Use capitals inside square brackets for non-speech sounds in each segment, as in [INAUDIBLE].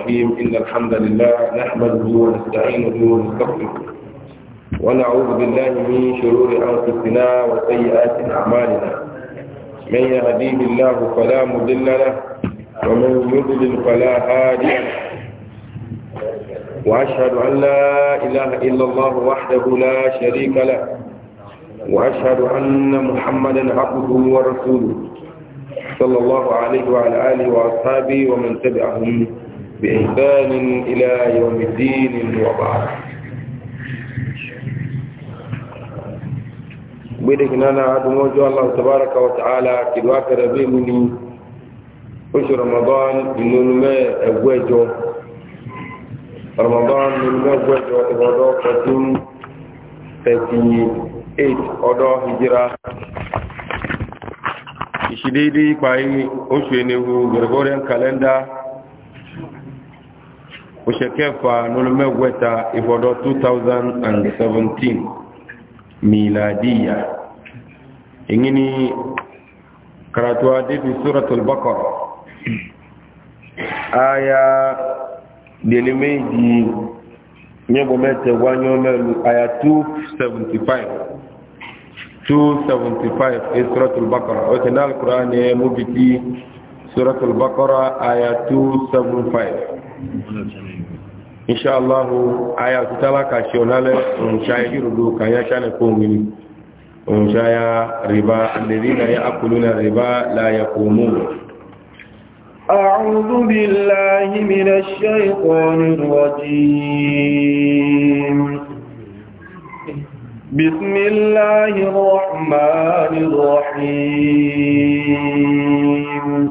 الرحيم إن الحمد لله نحمده ونستعينه ونستغفره ونعوذ بالله من شرور أنفسنا وسيئات أعمالنا من يهديه الله فلا مضل له ومن يضلل فلا هادي له وأشهد أن لا إله إلا الله وحده لا شريك له وأشهد أن محمدا عبده ورسوله صلى الله عليه وعلى آله وأصحابه ومن تبعهم بإحسان إلى يوم الدين وبعد بدك نانا دموجو الله تبارك وتعالى كدواك ربيمني oṣù ramadan ìnumẹ ẹgbẹjọ ramadan ìnumẹ ẹgbẹjọ ìwọdọ fourteen thirty eight ọdọ hijira ìṣìdídí ìpàyí oṣù enewu gregorian calendar ushekefa nolumegweta ifodo 2017 miladiya ingini karatu hadithi suratul baqara aya delimeji nyebo mete wanyomelu aya 275 275 e suratul baqara otena alquran e mubiti suratul baqara aya 275 inshallahu aya tutalaka shionale mshaya hirudu kanyachane kungini mshaya riba alladhina yaakuluna riba la yaqumun أعوذ بالله من الشيطان الرجيم بسم الله الرحمن الرحيم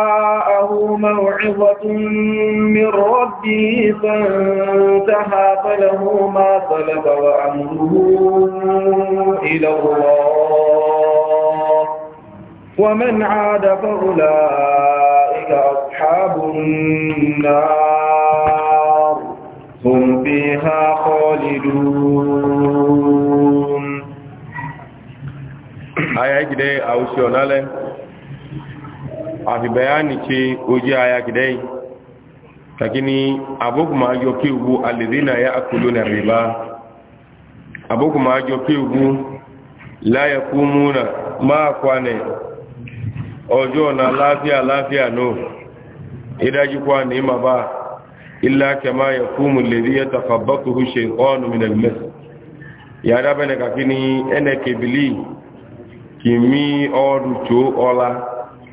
موعظة من ربه فانتهى فله ما طلب وأمره إلى الله ومن عاد فأولئك أصحاب النار هم فيها خالدون آية كده أو àfi bayani ce oji aya gidai takini abokuma ajo kiugu alidhina yaakuluna riba abokuma ajo kiugu la yakumuna ma kwane ojo na lafiya lafiya no idaji kwa ni ma ba illa kama yakumu alladhi yatakhabbathu shaytanu min al-mas ya rabana kakini ene kibili kimi odu to ola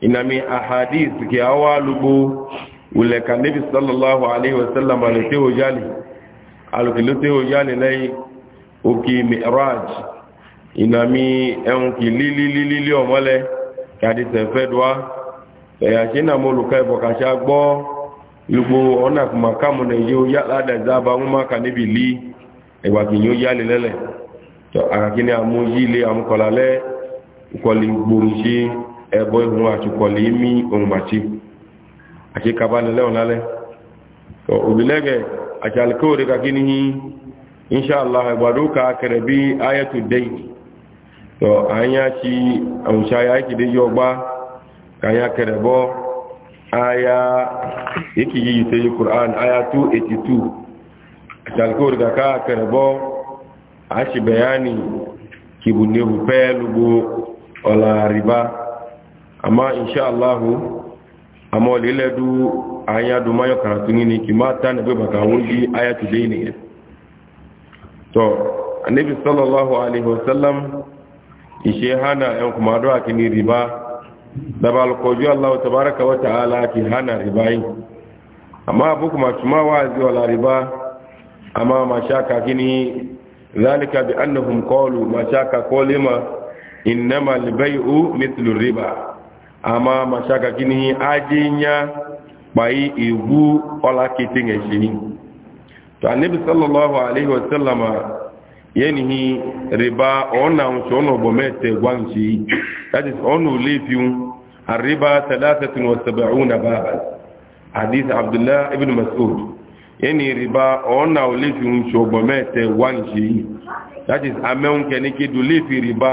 inami ahadith ki awalubu ule ka nabi sallallahu alaihi wasallam alete ojali alukilute ojali lai oki mi'raj inami en ki lili lili li omole kadi se fedwa e mo china moluka ibo e ka sha gbo lugbo ona kuma kamu na ye ojala da zaba nwa ka nabi li ewa ki yo yali lele to akakini amu yile amu kolale ko li ẹbọ ihun àtukọ̀lẹ̀ mi ohun màtí àti kabanilẹ́hùn lálẹ́ òbílẹ́gẹ̀ àti alikóòrè kàkí ní inṣàlá ẹgbàdó ka kẹrẹ bí ayẹ́tù dẹ́yì tọ́ àyà ti àwùṣà ayá ìkìdé yọ gbá kàyà kẹrẹ bọ́ aya ìkìyí ìtẹ́yí kùrán aya 282 àti alikóòrè kàkà kẹrẹ bọ́ àṣìbẹ̀yà ni amma insha Allah amma lele du anya du mayo karatu ni ki mata ne be baka wuri ayatu dai ne to annabi sallallahu alaihi wasallam ishe hana yan kuma do akini riba da bal ko ju Allah tabaaraka wa ta'ala ki hana ribai amma abu kuma kuma wazi wala riba amma mashaka kini zalika bi annahum qalu mashaka qulima innama al mithlu riba ama mashaka kini ajinya bai igu ola kitin eshi to annabi sallallahu alaihi wasallama yenihi riba ona uncho ono bomete gwanchi that is ono lefiu الربا 73 بابا حديث عبد ibn mas'ud مسعود riba ona اونا ولفي انشو بميتة وانشي that is amẹ́un kẹ́ni kí dùn lè fi rìbá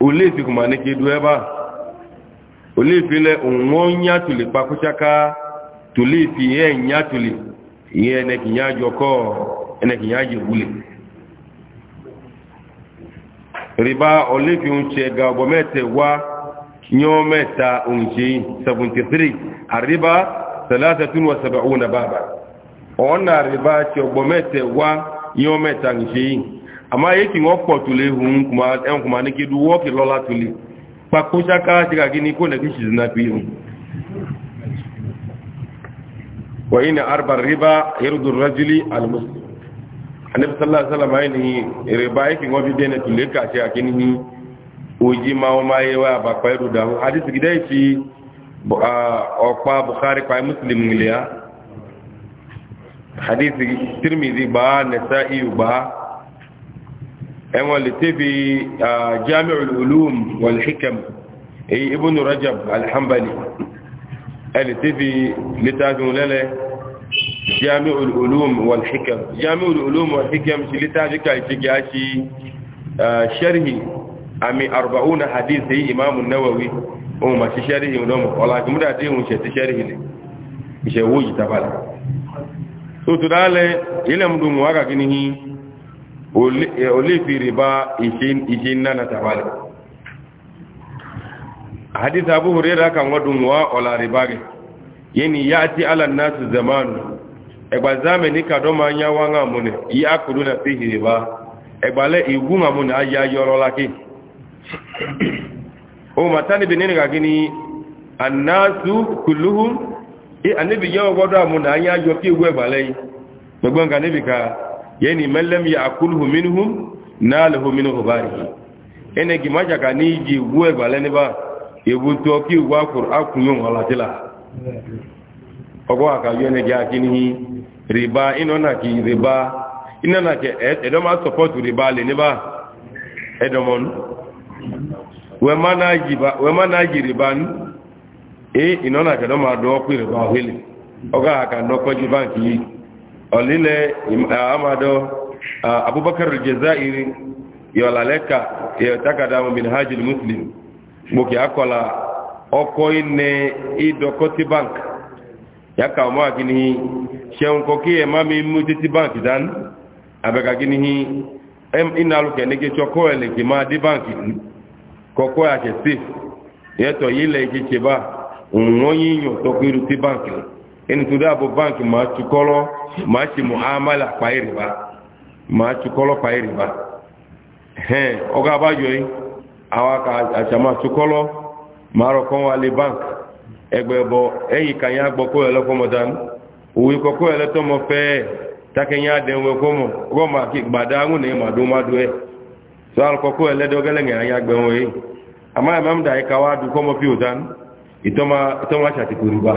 oleefi kuma ne ke du ebe a oleefi le onwe nya tuli kpakwuchaka tuleefi ihe nya tuli ihe enekinya jọkọ enekinya jewule riba oleefi nche ga ọgbọ mete wa nyọ meta onche 73 ariba 370 baba ọ na riba che ọgbọ mete wa nyọ meta nche ama ye ki ŋɔ kpɔ tule hun kuma ɛn kuma ne ki du wɔ ki lɔla tule kpa kosaka ti ka kini ko ne ki sizina kpi hun wa ina arba riba yirudu rajuli alimuslim anabi sallallahu alaihi ni riba ye ki ŋɔ fi dene tule ka ti kini hi oji o ma ba kpa iru da hu adi sigi de ti ɔkpa bukari kpa muslim ŋiliya hadisi tirmidhi ba nasa'i ẹwọn lè tẹ́bi jami'ul ulum wal hikam èyí ibn rajab alhambali ẹlẹ̀ tẹ́bi lítàfin lẹ́lẹ̀ jami'ul ulum wal hikam jami'ul ulum wal hikam ti lítàfin ka ìṣe gá ṣi sharhi àmì arba'una hadith èyí imamun nawawi ohun ma ṣi sharhi lọ́mọ̀ ọlá àjùmúdà dé E, olifi riba ishin nana tabale hadith abu huraira kan wadun wa ola riba ge yeni yati ala nasu zamanu egba zamani ka do ma nya wa nga mune ya kuduna fi riba egba le igu ma mune aya yoro laki o matani binini ga gini annasu kulluhum e anibi yawo godo amuna aya yo fi igu egba le gbogbo nǹkan níbi ka yani man lam ya'kulhu minhum nalahu min ghubarihi ene gi ka ni ji guwe gbale ni ba ewu e to ki wa qur'an kunyo wala tila ogo aka yo ne ja kini riba ino na ki riba ina na ke edo ma support riba le ni ba edo mon we mana ji ba we mana ji riba ni e ino na ke do ma do ku riba aka no ko olile amado abubakar aljazairi yolaleka yotakadamu minhaji almuslim gboke akola oko ine idokoti bank yaka omo aginihi seun koki emami mutiti bank dan abega ginihi em inaluke nege choko eleki ma di bank koko ase safe yeto yile ikiche ba nwoyin yo tokiru ti bank ni ẹnitọ́dá àbò báńkì máa tukọ́lọ́ máa ṣe muhammadu àpáyèrèbá máa tukọ́lọ́ páyèrèbá hẹ́n ọgá abájọ yìí àwọn àṣà máa tukọ́lọ́ máa rọ̀ kán wá lé báńkì ẹgbẹ́ bọ ẹ̀yìn kàyà gbọ́ kó ẹ lọ́kọ́mọ dání òwe kọ́kọ́ ẹ fẹ́ takẹ́yìn kí gbàdá ní sọ àlùkọ́kọ́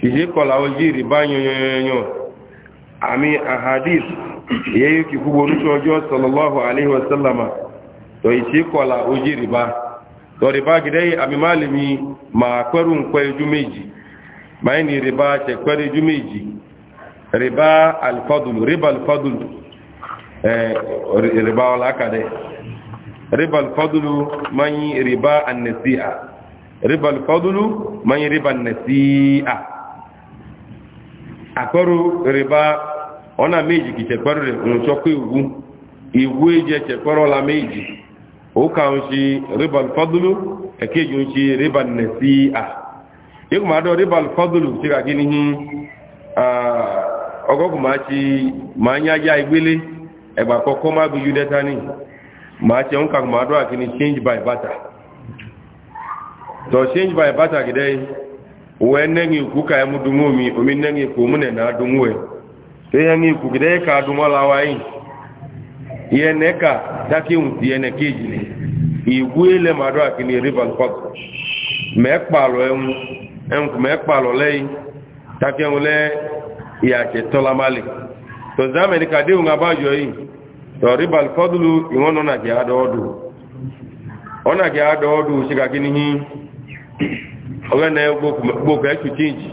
kìí kọ̀lá ojú ìrìbá yọnyọnyọnyọ àmì ahadis yẹ́yí kì fúgbò oníṣẹ́ ọjọ́ sallallahu alaihi wasallama tó ìṣí kọ̀lá ojú riba tó rìbá gidẹ́ àmì mi ma pẹ́rù ń pẹ́ ojú méjì báyìí ni Riba ṣe pẹ́rù ojú méjì rìbá alfadulu rìbá alfadulu rìbá ọlákàdẹ́ rìbá alfadulu akpọrọ rịba ọ na meji ka chekpọrọ nwụchọkwa iwu iwu eji echekpọrọla meji ụka nchi rịba fọdụlụ ekeji nchi rịba nnesi a ịgụmadụ rịba fọdụlụ chịra gị n'ihi ọgọgụ ma chi ma anya ya igbele ẹgbà kọkọ má bí yúdẹ́ta ní ma ṣe ń kàgùmadọ́ ni change by barter to change by barter gidẹ́ yìí uwe nengi ku ka mu dumu mi o mi nengi ku na dumu we te yangi ku gide ka dumu la wai ye ne ka da ki un ye ne keji ne igu ele ma do akini rival court me pa lo en en ku me pa lo lei le ya che to la mali to za me ka de un abajo yi to rival fadlu iwon na ki adodu ona ki adodu shika kini hi oge na gboko echu chinji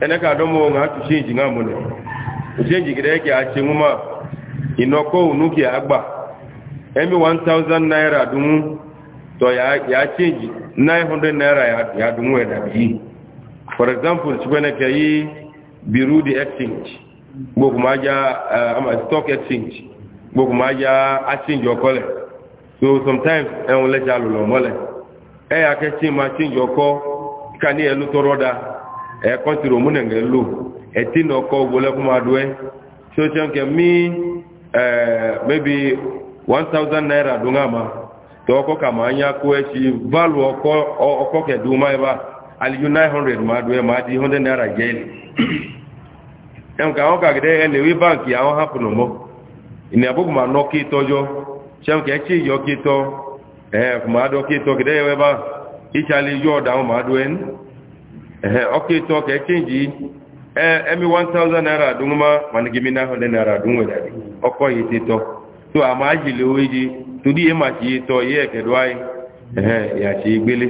ene ka adomo nga change chinji nga mune chinji gida yake a ce ma inoko unuki agba emi 1000 naira dumu to ya ya chinji 900 naira ya ya dumu ya dabi for example ci bane ka yi biru di exchange gboko ma ja eh, ama stock exchange gboko ma ja exchange okole so sometimes en eh, wole jalo lo mole e ya ke chinji ma chinji kani ɛlu tɔrɔ da ɛkɔntiri e omu nɛgɛ lu ɛti e nɔ kɔ wolo ɛkò ma do yɛ sɔsɛn kɛ mi ɛɛ e, maybe one thousand naira do ŋa ma tɔ ɔkɔ kama anya ko ɛsi valu ɔkɔ ɔkɔ kɛ do ma yɛ ba aliyu nine hundred ma do yɛ ma di hundred naira jɛ yɛ ɛnka àwọn kàgídé ɛlɛwé bánkì àwọn hapùnù mɔ ìní àbúkù ma nɔ kéétɔ jɔ sɛn kɛ ɛtsi yɔ kéétɔ ɛɛ kò ma dɔ kéétɔ kìdé yɛ wɛ bá. ìṣàlẹ̀ yọ ọ̀dàwọn màádùn ẹni ẹ̀hẹ́ ọkẹ́ tó ọkẹ́ ẹmi 1000 naira dùn ma manigimi 900 naira dùn wẹ̀ dàbí ọkọ̀ yìí ti tọ́ tó a máa jìlẹ̀ owó yìí tó dí yé màṣí tọ́ yé ẹ̀kẹ́dọ́ ayé ẹ̀hẹ́ ìyàṣí gbélé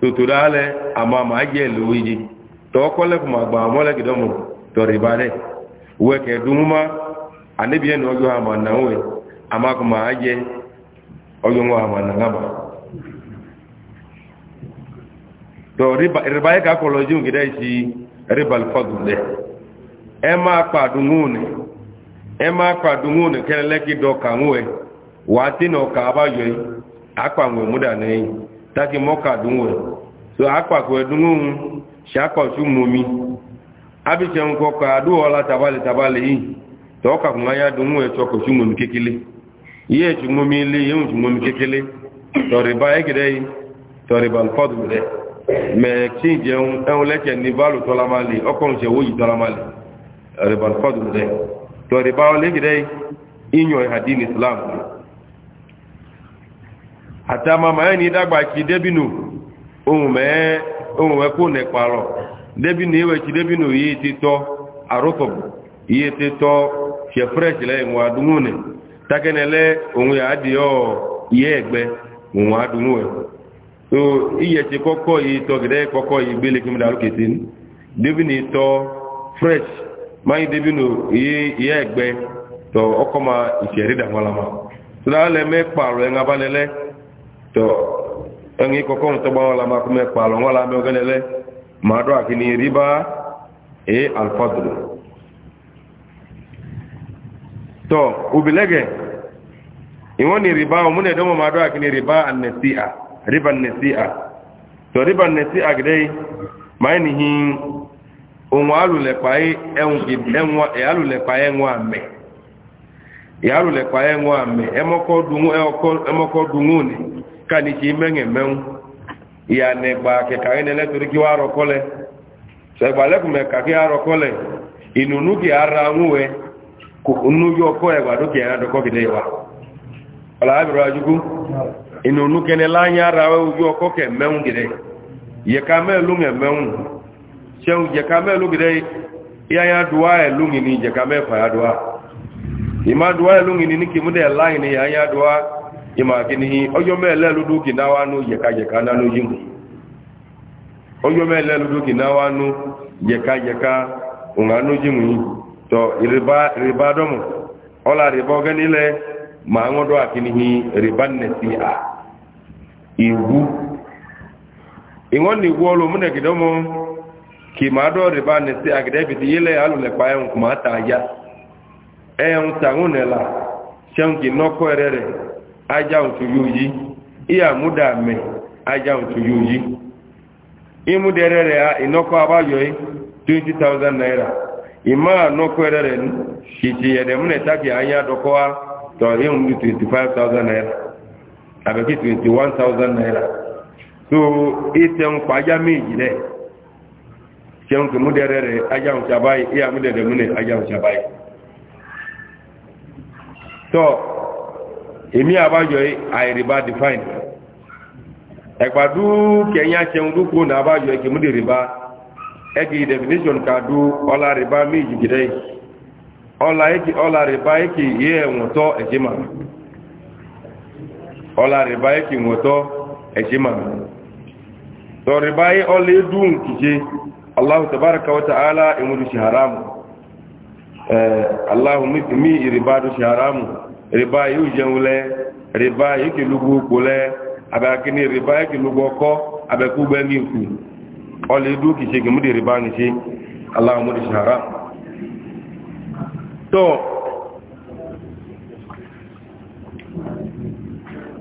tó tó dálẹ̀ àmọ́ àmà owó yìí tọ́ ọkọ̀lẹ́kùn àgbà àmọ́lẹ́kìdọ́mù to riba riba ya ka kolo jiun gida shi riba alfadle e ma pa dungune ɛma ma pa dungune kele leki do kanwe wa tino ka ba yo akwa nwe muda ne taki moka dungwe so akwa ko dungun shako shumumi abi che nko ka duola tabale tabali yi to ka kuma ya dungwe to ko shumumi kekele iye shumumi le yun shumumi kekele tɔ riba ya gida yi to riba alfadle mɛ tí jẹun ẹun lẹ́kẹ̀ ní báàlù tọ́lámà lè ọkọ̀rùn ṣe wóyí tọ́lámà lè rẹ̀bà rẹ̀ tọ́rẹ̀ bá ìyàn ìhàdí ní islam dàgbà kí débìnù ohun mẹ́ kó nẹ̀pà débìnù ìwẹ̀ kí débìnù yìí ti tọ́ àrótọ̀ yìí ti tọ́ ṣe fresh lẹ́yìn wọn adúmù nẹ̀ tákẹ́nẹ̀lẹ́ òun ya yẹ́ ẹ̀gbẹ́ so iyẹ̀tì kọ́kọ́ yi tọ́ gẹ̀dẹ́ kọ́kọ́ yi gbélé kí mo dàrú kètè fresh ma ìṣẹ̀rí dàmọ́lámà tó dáa lẹ mẹ́ pààrọ̀ ẹ̀ ń abálẹ́lẹ́ tọ́ ẹ̀yìn kọ́kọ́ ń tọ́gbà wọn lámà kó mẹ́ pààrọ̀ wọn lámẹ́ ọgẹ́lẹ́lẹ́ màá dọ́ àkíní rìbá ẹ̀ ni a. riban nesia. to riban nasi'a gidai mainihin ohun alùlẹ̀pàáyé ẹ̀wọ̀n àmẹ́ ìyálùlẹ̀pàáyé ẹ̀wọ̀n àmẹ́ ẹmọ́kọ́ dunú ní ká ní kí mẹ́rin mẹ́rin ìyànẹ̀gbà kẹkàrí ní ẹlẹ́torí kí wá rọkọ́lẹ̀ ṣẹgbàlẹ́kùnmẹ̀ kàkí àrọkọ́lẹ̀ ìnùnú kì ara nwúwẹ́ kò nú yọ ọkọ́ ẹgbàdókè ẹ̀rádọ́kọ́ gidẹ́ wa ọ̀làábìrọ̀ ajúkú inonu kene la nyara we ujo ko ke meun gide ye ka me lu nge meun duwa e ni je ka fa ya duwa ima duwa e ni ni ki mu de la ni ya duwa ima kini ojo me le lu du ki na wa nu je ka je na nu ojo me le lu du ki na wa to riba riba ola riba gani le ma ngodo akini riba ne iwu ịṅụ na igwu ọrụ mụ na egide ụmụ ka ma a na esi agide ebite ihe le ya alụle ya ya eya nwụta n'ela na ela nnọkọ nọkọ erere aja ntu ya uji ihe ame aja ntu ya uji ịmụda erere ya 20,000 naira ịma nọkọ erere kiti anya àbẹ̀kí 21,000 one thousand naira so ìtẹ̀hún pàjá méjì lẹ̀ ṣẹun tó múdẹ̀rẹ̀ rẹ̀ ajáhùn ṣàbáyé ìyá múdẹ̀rẹ̀ múnẹ̀ ajáhùn ṣàbáyé tọ́ èmi àìrìbá define ẹ̀gbàdú kẹ̀yìn aṣẹun dúkú náà àbájọ ẹ̀kẹ́ múdẹ̀rẹ̀bá definition kàdú ọlá rìbá méjì gidẹ́ ọlá rìbá ẹ̀kẹ́ yẹ ẹ̀wọ̀n tọ́ ọla rịba eke nwetọ ejima to rịba ọla edu nkije allahu tabaraka wa ta'ala enwudu shi haramu e, allahu mi riba du shi haramu riba yóò jẹun lẹ riba yóò kì lùgbò kò lẹ abẹ́kíní riba yóò kì lùgbò ọkọ abẹ́kú gbẹ́ngì nkù ọla edu kìí ṣe kìí mú di riba nìṣe allahu mú shi haramu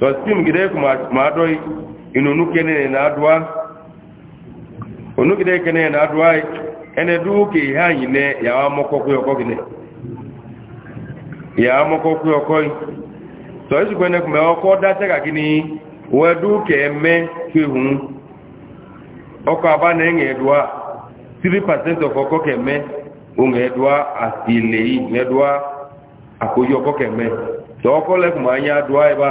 so steam gide ku ma do inu nuke ne na adwa onu gide ke na adwa ene du ke ha yin ya amoko ku yoko gine ya amoko ku yoko so isu gbe ku me oko da se gini we du ke me oko aba nge 3% of oko ke me unge asile yi akoyo oko ke me so oko le ku ma ya e ba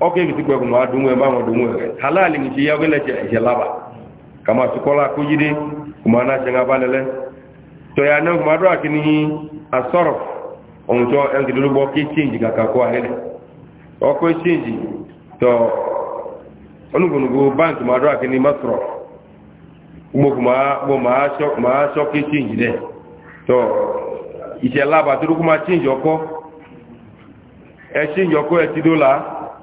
ok ti kwe ma duwe mamo duwe halali ni chiyaweleche je laba kama sikola kujidi kumanache nga balele to ya ne madwa ki ni asoro onjo engi lubo ki chinji ka kakwa hele okwe chinji to onugo nugo bank madwa ki ni masro umo kuma bo ma sho ma sho ki chinji de to ije laba duru kuma chinji oko e chinji oko e ti dola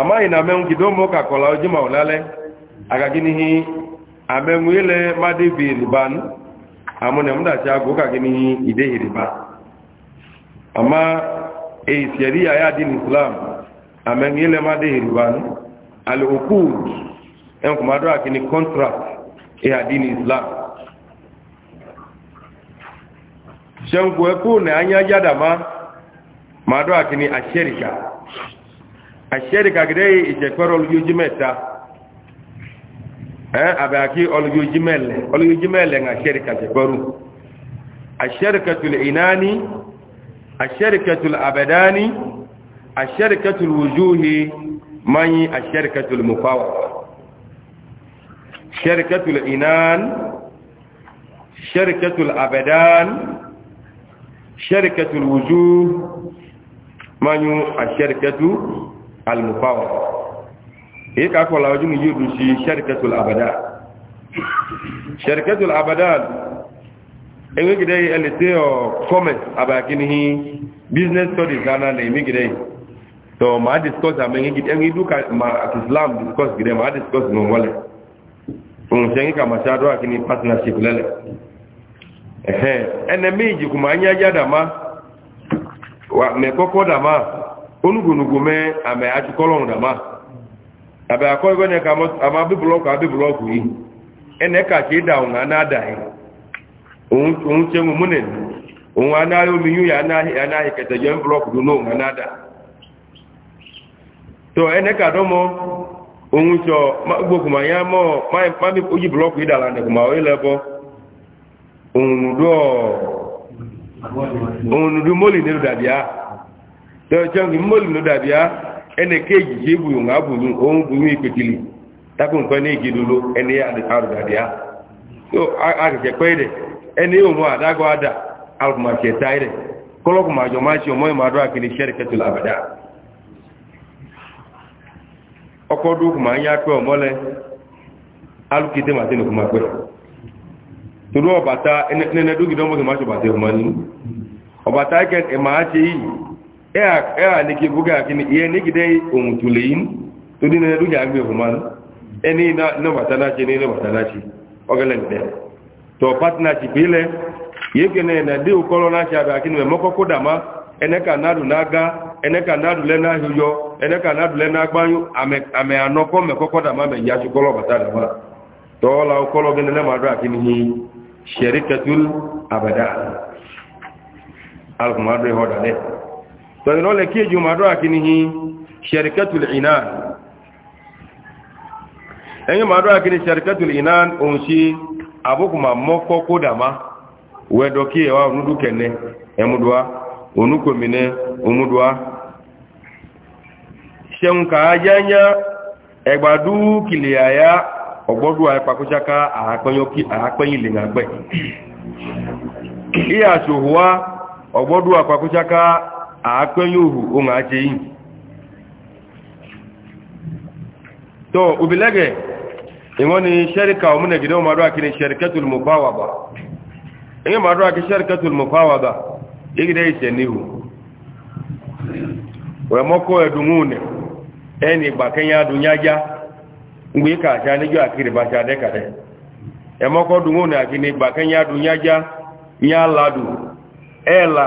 amaghị na amenwụ gido ụmụ ụka kọla oji ma ụlale agagị n'ihi amenwụ ile mmadụ bi riban amụna m dachi agụ ụka gị n'ihi ideghi riba ama eisieri ya ya dị n'islam amenwụ ile mmadụ riban alụkwud enkwumadụ akini contract e ya dị n'islam ṣe ń kú ẹkú àṣẹ́rì kàgídẹ́ ìṣẹ̀pẹ́rọ olùyójí mẹ́ta ẹ́ àbẹ̀àkí olùyójí mẹ́lẹ̀ olùyójí mẹ́lẹ̀ ń àṣẹ́rì kàṣẹ̀pẹ́rù àṣẹ́rì kẹtùlù ìnáni àṣẹ́rì kẹtùlù àbẹ̀dáni àṣẹ́rì kẹtùlù wùjúhi mayi àṣẹ́rì kẹtùlù mùfáwà ṣẹ́rì kẹtùlù ìnán almufawa èyí ká kọ́ làwọn jùmọ̀ yóò dùn sí sharikatul abada sharikatul abada ẹgbẹ́ gidẹ ẹlẹ́tẹ́ ọ commerce abakinihi business studies ghana lè mí gidẹ tọ máa discuss àmì ẹgbẹ́ dúkà ma islam discuss gidẹ máa discuss ní wọlé òun ṣe ń kà máa ṣáájú àkíní partnership lẹ́lẹ̀ ẹ̀hẹ́ ẹnẹ méjì kò máa ń dàmá mẹ́kọ́kọ́ dàmá onugonugo mee ame achụkọlọ ndama abe akọ ebe na ka ama bibulọkụ abibulọkụ yi ene ka chi da ụnwa na adaghị ohun che nwe mụne onwe anaghị ominyu ya anaghị anaghị kete jem blọkụ dị n'onwe na ada to ene ka dọmọ ohun chọ gbogbo ma ya mọ ma mi oji blọkụ idala ndekụ ma oyi lẹbọ ohun dụ moli n'elu dabi ahụ tọ́jọ́ ní mọ́lù ló dàbí á ẹni kéèjì ṣe bùyù ń àbùyù òun bùyù ìpèkìlì tákùn nǹkan ní ìgì lolo ẹni àrùn dàbí á tó àkẹ̀kẹ̀ pẹ́ rẹ̀ ẹni òun àdágọ́ àdà alùpùpàṣẹ táì rẹ̀ kọ́lọ́kùn àjọ máa ṣe ọmọ ìmọ̀ àdúrà kẹtù làbàdà ọkọ̀ ọmọ ea neke buga akini ihe negide omutule yin to dị na ruja agbe human eni na batanachi ni na batanachi ogele ngide to partnership ile yeke na na dị ukolo na cha ba akini meko kodama eneka nadu na aga eneka nadu le na huyo eneka nadu le na agbanyu ame ame anoko meko kodama me ya chukolo bata dama. to la ukolo gene na madu akini hi sharikatul abada al-kumadu hoda ne tọ́rin ọlẹ̀ kí èjò màdọ́ àkíníhì ṣẹ̀rìkẹ́tùl inan ẹ̀yìn màdọ́ àkíní ṣẹ̀rìkẹ́tùl inan òun sí àbúkùmà mọ́kọ́ kó dàmá wẹ́dọ̀ kí ẹ̀wà onúdúkẹ̀ẹ́nẹ́ ẹmúdùá onúkòmìnẹ́ omúdùá ṣẹunka yányá ẹgbàdúkìlẹ̀ àyá ọgbọ́dúwà ẹpakúṣáká àápẹ́yìn lè nàgbẹ̀ ìyà ṣòhùwá ọgbọ́dúwà pakúṣáká àápẹ́yìn òhù ohun àjẹ́ yìí tó òbílẹ́gẹ̀ ìwọ́n ni ṣẹ́ríkà òmìnàgídé ọmọdé àkíní ṣẹ́ríkẹ́tùl mọ̀fáwàbà ẹ̀yìn ọmọdé àkí ṣẹ́ríkẹ́tùl mọ̀fáwàbà ìgídẹ́ ìṣẹ̀ níhù rẹ̀mọ́kọ́ ẹ̀dùnmúnẹ̀ ẹni ìgbàkẹ́yìn adùnyájá ngbé kàṣà níjọ́ àkírí bàṣà dẹ́kàdẹ́ ẹ̀mọ́kọ́ dùnmúnẹ̀ àkíní ìgbàkẹ́yìn adùnyájá nyálàdù ẹ̀là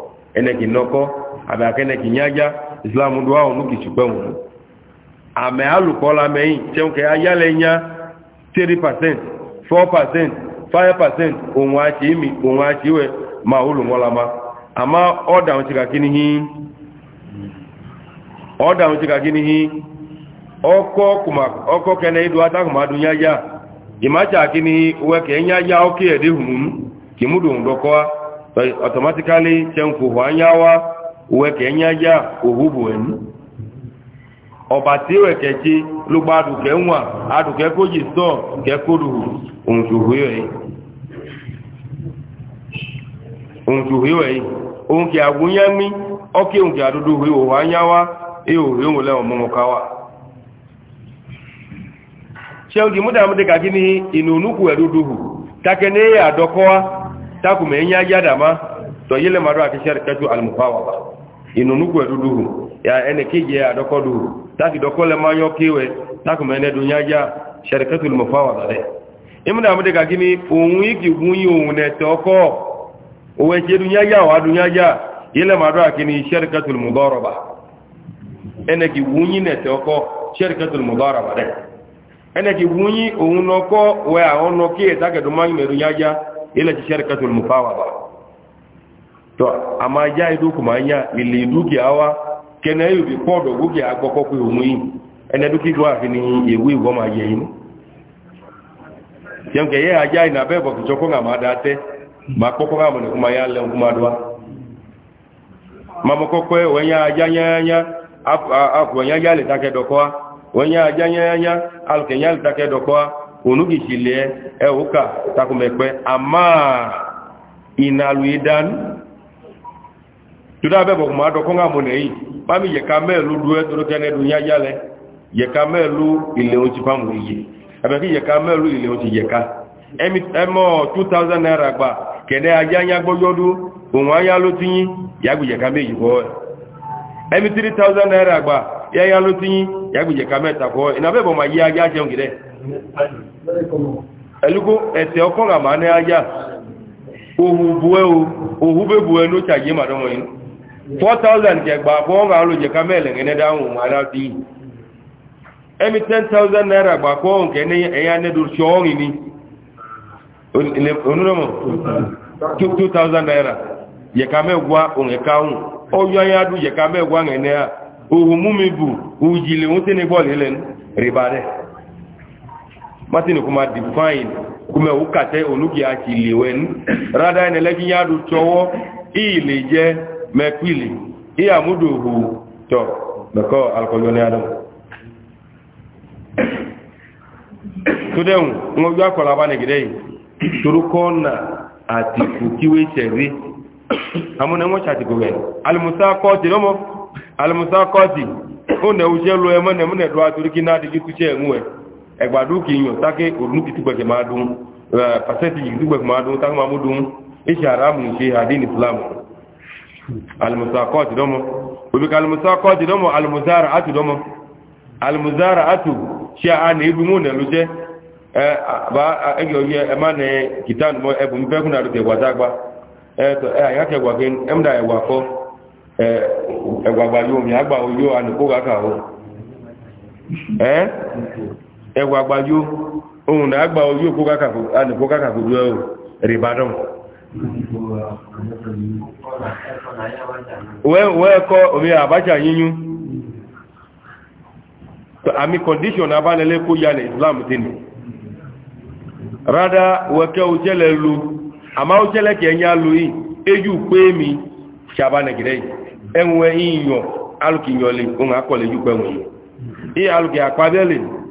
eneki nọkọ abe aka eneki nyaja islam do awon nuki alukola meyin cheun ke ayale nya 3% 4% 5% ohun achi mi onwa achi ma ulu ma ama order on chika kini hi order on chika kini oko kuma oko kene idu ata kuma Ima ya imacha kini ke nya ya oke automatically chenku hwanyawa uweke nyaja uhubu wenu ọbàtí wẹ̀kẹ̀ tí ló gba adùkẹ́ ń wà adùkẹ́ kó jì sọ kẹ́kọ́rù òǹtùhúyọ̀ yìí òǹkì àgúnyámí ọkí òǹkì àdúdú ìwò wáyáwá ihò ìwòlẹ̀ ọmọmọkáwà ṣe òǹkì múdàmúdé kàkí ní ìnùnúkù taku me nya ya dama to yele maro ati sharikatu al mufawada inunu ko e dudu ya ene kije ya doko du taki doko le mayo kiwe taku ne dunya ya sharikatu al mufawada de imna amde ga gini ohun iki gunyi ohun e ne toko owe je dunya ya wa dunya ya yele maro akini sharikatu al mudaraba ene ki wunyi ne toko sharikatu al mudaraba de ene ki wunyi ohun noko we awon nokie take do mayo me dunya ya ila ci sharkatul mufawada to amma jai du kuma anya ili duki awa kena yu bi kodo gugi akoko ku umuyi ene duki gwa fini ewi go ma ye yin yanke ye ajai na bebo kichoko nga madate makoko nga mune kuma ya le kuma dwa mamoko kwe wenya ajanyanya apu wenya yale take dokwa wenya ajanyanya alkenya take dokwa onugishi lie ẹwụka e takumekpe ama inalu idan tuda bẹ bọkuma adọkọ nga mọ nẹyi mami yẹka mẹlu du ẹtọrọkẹ nẹdu nyadza lẹ yẹka mẹlu ilẹ oti pamu yi abẹki yẹka mẹlu ilẹ oti yẹka ẹmi ẹmọ two thousand naira gba kẹdẹ adi anyagbọyọdu òun anya ló ti yín yàgbé yẹka méjì kọ ẹ ẹmi three thousand naira gba yẹ anya ló ti yín yàgbé yẹka mẹta kọ ẹ ìnabẹ bọ ma yí adi ajẹun kìdẹ. ẹlúgbó ẹ̀tẹ̀ ọkọ̀ rà máa ní ajá òhun bẹ́ bú ẹnú tàjí màdọ́mọ̀ yìí 4,000 jẹ gbà kọ́ ọ̀rọ̀ àrùn jẹka mẹ́lẹ̀ ẹ̀nẹ́ dáhùn mara bí i ẹmi 10,000 naira gbà kọ́ ọ̀rùn kẹ́ ẹ̀yà nẹ́dù ṣọ́ọ̀rìn ni onúrọ̀mọ̀ 2,000 naira jẹka mẹ́gbà ọ̀rẹ́ káhùn ó yọ ya dù jẹka mẹ́gbà ẹ̀nẹ́ matini kuma define kuma ukate onuki aki liwen rada ene leki nyadu chowo ili je mekwili iya muduhu to beko alkoyone adam tudeu ngoju akola bane gidei turukona ati kukiwe cheri amune ngo chati gogen almusaqati lomo almusaqati une ujelu emene mune dwa turikina digi kuche ngwe ẹgbàdo kì í yàn sáké òrùn kìtìgbẹ̀kẹ̀ máa dún pàṣẹ́tì kìtìgbẹ̀kẹ̀ máa dún táwọn máa dún iṣẹ́ àrámù ṣe àdín ìsìlámù alimusakọ́ ti dánmọ́ òbíkà alimusakọ́ ti dánmọ́ alimuzara àti dánmọ́ alimuzara àti ṣe àánì ibi mú nẹ̀ ló jẹ́ ẹgbẹ̀ oyé ẹ má nẹ kìtàn mọ́ ẹbùn bẹ́kùn àrùn kẹwàá dágbà ẹ̀ẹ́tọ̀ ẹ̀ àyàkẹwàá kẹ ẹ̀mdà ẹ̀wà kọ́ ẹ̀wàgbà yóò mi àgbà oyó ànìkó kàkà ó ẹ́ ẹwà gbajú ohun náà gba ojú àdìpó kàkàkù rẹ̀ o rìbádàn wẹ́ẹ̀kọ́ omi àbájá yíyún àmì abánilẹ́ kó yà ní islam tí ni rádá wẹ́kẹ́ lu àmá kẹ́ lu yìí ejú pé mi ẹ̀wọ̀n ìyàn alùkìyàn lè ohun akọ̀lẹ̀ pẹ̀wọ̀n yìí alùkìyàn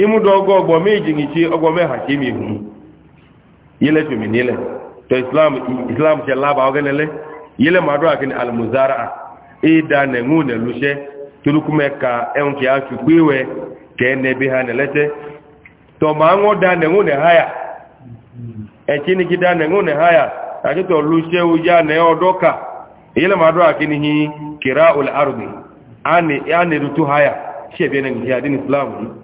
imudu ọgọ ọgbọ méjì ní ṣe ọgbọ mẹ́hà ṣe yile hùn yílẹ̀ fèmì nílẹ̀ tó islam islam ṣe lába ọgẹ́lẹ́lẹ́ yílẹ̀ màdúrà akini almuzara ìdá nẹ̀mú nẹ̀lúṣẹ́ tolúkúmẹ́ka ẹun kí a ṣù pẹ́wẹ́ ha nẹ̀lẹ́ṣẹ́ tọ máa na akini hi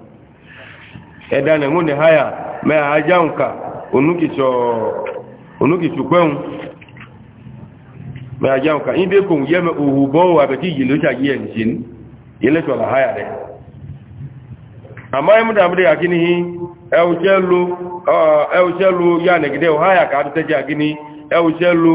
ẹ̀dá nẹ̀mú ní háyà mẹ́ àjáǹkà onúkìsùpẹ́hùn mẹ́ àjáǹkà ìdé kò yẹ́ mẹ́ òhù bọ́ọ̀ àbẹ̀tí yìí ló ṣàyí ẹ̀ nìṣẹ́ ní ilẹ́ṣọ̀lá háyà rẹ̀ àmá ẹmúdàmúdẹ̀ àkíní ẹwùṣẹ́ ló yà nẹ̀gidẹ́ ya kàádùtẹ́jẹ́ àkíní ẹwùṣẹ́ ló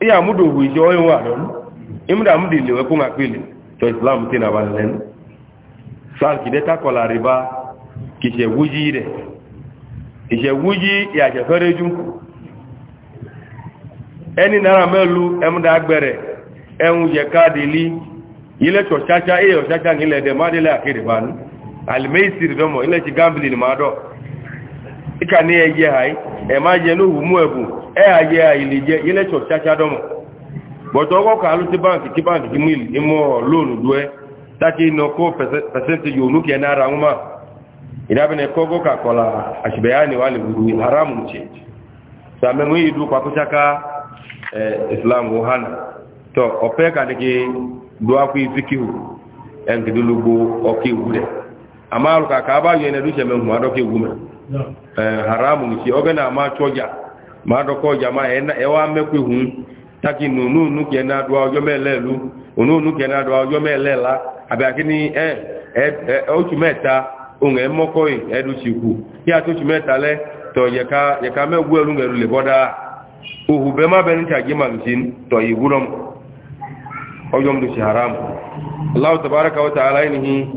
ya mudu bu ijo yin wa don imda mudi le we ko ma pele to islam ti na ban len sal ki de ta ko la riba ki se wuji de ise wuji ya se fereju eni nara melu emda agbere enu je kadili ile to chacha e o chacha ni le de ma de la kire ban al maisir do mo ile ti gambling ma do ikani eye hai e ma je lu mu ebu e àìlèjẹ yẹlẹ́tsọ̀ tíátíá dọ́mọ̀ bọ̀tọ̀ ọkọ̀ kà alú tí báńkì tí báńkì tí mìlì ní mọ́ lóònù dúẹ́ tàbí iná kó pẹ̀sẹ̀ntì yóò lókè ẹ̀ náà ra wọn máa ìdábẹ̀nẹ̀ kọ́ ọkọ̀ kàkọ́lá àṣìbẹ̀yà ni wà lè wúru haramu tì ma dɔkɔ jama ɛwɔ amɛkui hun taki nunu nu kɛ na do awɔjɔ mɛ lɛ lu onu nu na do awɔjɔ mɛ lɛ la abe akini ɛ ɛ ɛ otu mɛ ta ohun ɛ yi ɛdu tsi ku yi otu mɛ lɛ tɔ yɛka yɛka mɛ ɛlu ŋɛlu le bɔda ohu bɛ ma bɛ ni ta gye ma lu si tɔ yi wu lɔm ɔyɔm do si haram alahu tabaraka wa ta'ala yi nihi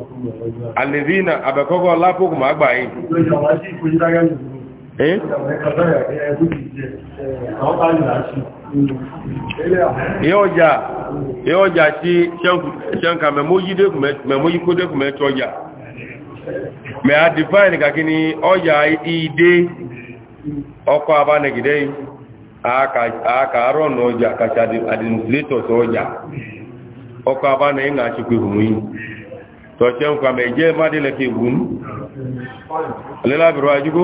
alevina abɛkɔkɔ lapo kuma agba yi. eh ọjà ẹ ọjà tí ṣẹ́nkà mẹ́mójíkó dẹ́kùn mẹ́tí ọjà mẹ́ a define kàkí ni ọjà ìdé ọkọ̀ abánẹ̀gìdẹ́ àkàárọ̀nà ọjà kàṣà administrators ọjà ọkọ̀ abánẹ̀ ìnà àṣìkò ìhùn yìí tɔcɛn kame jɛ ma de la k'i gun ale la bɛrɛ wajugu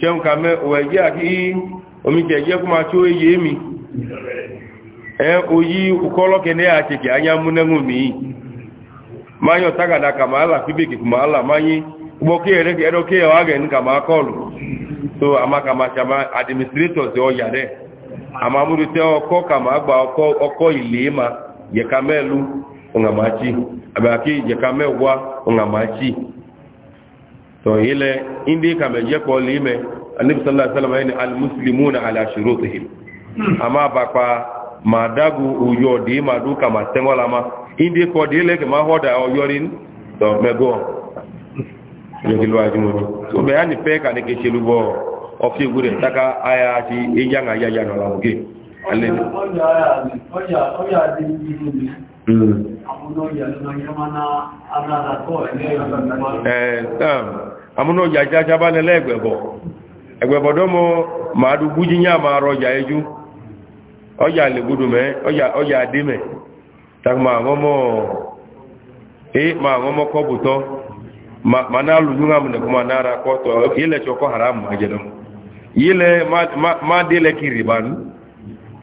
cɛn kame o ye a k'i o mi kɛ jɛ kuma tso ye mi ɛ o yi kɔlɔ kɛ ne y'a cɛkɛ an y'a munɛŋu mi ma yɔ taga da kama ala k'i bɛ kuma ala ma ye bɔ k'e yɛrɛ k'e k'e yɛ e wa kɛ ni kama kɔlu so a kama caman administrator tɛ o ya dɛ a tɛ ɔkɔ kama gba ɔkɔ ɔkɔ ile ma yɛ kamɛ lu ongamachi abaki jeka mewa ongamachi to ile indi kama je ko lime annabi sallallahu alaihi wasallam al muslimuna ala shurutihim ama bakwa madagu uyo di maduka matengola ma indi ko di ile ma hoda oyorin to mego yekilwa jimu to bayani peka ne ke shelubo ofi gure taka aya ti ejanga yaya no lamuke àmúnà hmm. ọjà jájá bá lẹ́lẹ́ ẹgbẹ̀bọ̀ ẹgbẹ̀bọ̀ dọ́mọ máa dúgbú jíyà máa rọjà ẹjú ọjà lègbùdù mẹ́ ọjà adé mẹ́ tàbí máa wọ́n mọ́ kọ́ bùtọ́ ma na lu nyunga mun kuma na ra ko to ile choko haram ma jedon ile ma ma dele ki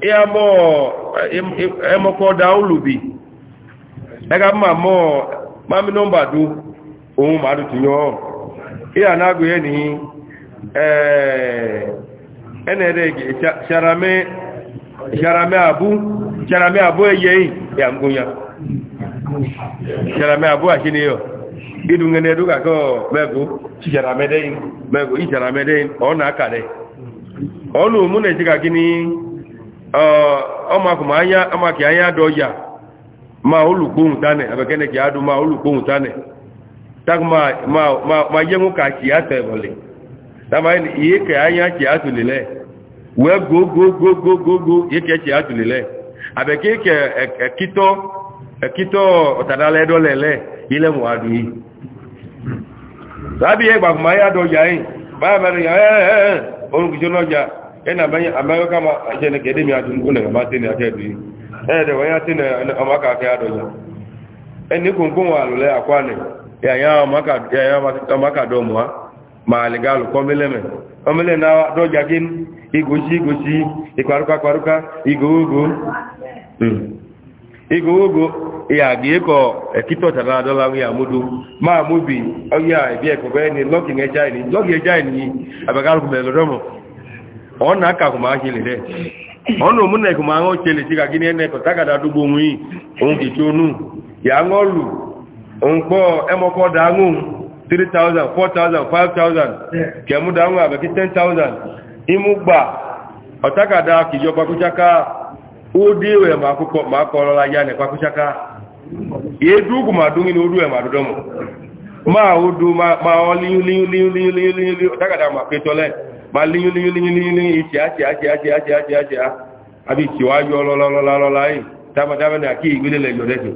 ịabọ emọkọ da olubi daga ọ, mọ mami nọmba do ohun mmadụ tinye ọ ịa na-agụ ya ni ẹnẹrẹ ṣarame abu ṣarame abu ẹyẹ ya ngụnya ṣarame abu ọ, yọ idu ngene duka kọ mẹgo ṣarame dẹyin ọ ọ na gịnị ọmọkùnmọ̀ amákì anya dọ́jà ma olukpohun tánẹ̀ àbẹ̀kẹ́nẹ̀ kì á ma olùgbóhùn tánẹ̀ tak ma yẹ́ mú ka kì á tẹ̀bọ̀lẹ̀ tàbí anya kì á tù lélẹ̀ wẹ́ gógógógógógó iye ina amma kama na gede mi atun kuna ga mate ake bi eh da waya tin na amaka ya en ni kun ya ya amaka ya ya amaka ma le galu ko mele me na do igoji igoji ikwaruka kwaruka hmm. ya gi ko ekito tara ya ma mubi o ya bi e ko be ni logging e jai ni logging e jai ni abagalu me lo do ọ̀nà aka kùmà ṣẹlẹ̀ rẹ̀ ọ̀nà òmúnà ìkùmà àwọn ṣẹlẹ̀ sí kàkí ní ẹnẹ́ kọ̀tákàdá dúgbò wọn yìí òun kì tí ó nù yà ń ọlù òun pọ̀ ẹmọkọ́ dáhùn 3000 4000 5000 kẹmú dáhùn àbẹ̀kí 10000 imú gbà ọ̀tákàdá kìjọ pakúṣáká ó dé ẹ̀ máa kọ́ lọ́la yá ní pakúṣáká yéédú kùmà dún nínú orú ẹ̀ máa dúdọ́mọ̀ máa ó dún máa ọ líyún líyún líyún líyún líyún ọ̀tákàdá máa pé tọ́lẹ̀ ba linyilinyilinyilinyili ìtìá tìá tìá tìá tìá tìá tìá àbí ìtìwá yọ lọ́lọ́lọ́lọ́lá yìí tábàtábà ní àkí ìgbélé lẹ́jọ́ lẹ́jọ́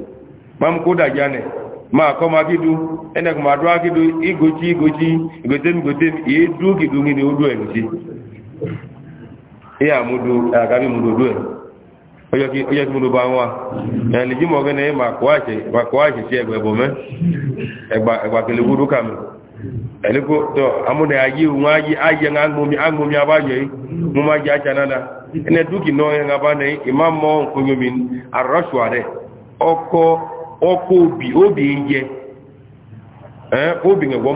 máa ń kó dàjá nẹ̀ máa kọ́ ma kí du ẹnẹ kò máa kí du ẹni kó tọ́ amúnẹ̀ ayé òun ayé agbómi abáyọ̀ yìí mú máa jẹ́ ajá náà ẹni dúkì náà yẹn gaba ní ìmá mọ́ nkóyomi arọ́ṣù àrẹ ọkọ̀ ọkọ̀ ń jẹ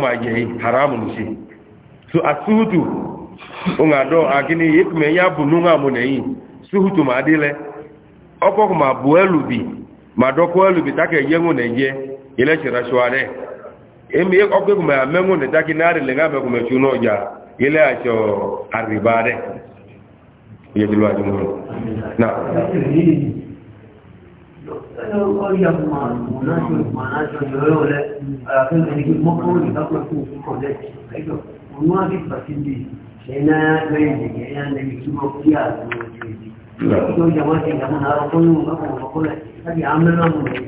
máa jẹ yìí haram ní ṣe so asúhùtù òun bù yìí súhùtù máa dé lẹ kò máa máa ilẹ̀ ṣe emi ọkọ ekume amẹ́mú ní dákí náàrí lẹ́gá mẹ́kùnmẹ́ tún náà jà ilé àṣọ àrìbá rẹ̀ ìyẹ́dìlú àjùmọ̀ náà Ìjọ́ ìjọba ti ìjọba náà ọkọ̀ yóò mọ́kànlá ọkọ̀ rẹ̀, láti àmì náà mọ̀ rẹ̀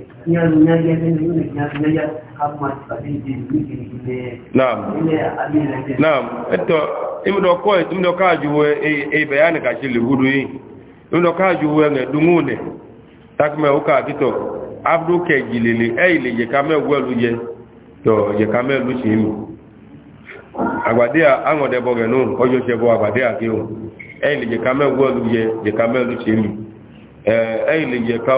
naam eto imdo ko imdo ka juwe e, e bayani ka shili hudu yi imdo ka juwe ne dungune takme uka kito abdu ke jilili e ile je kame welu je to je kame lu shi mi agbade a anwode a e ile je kame welu je e ile je ka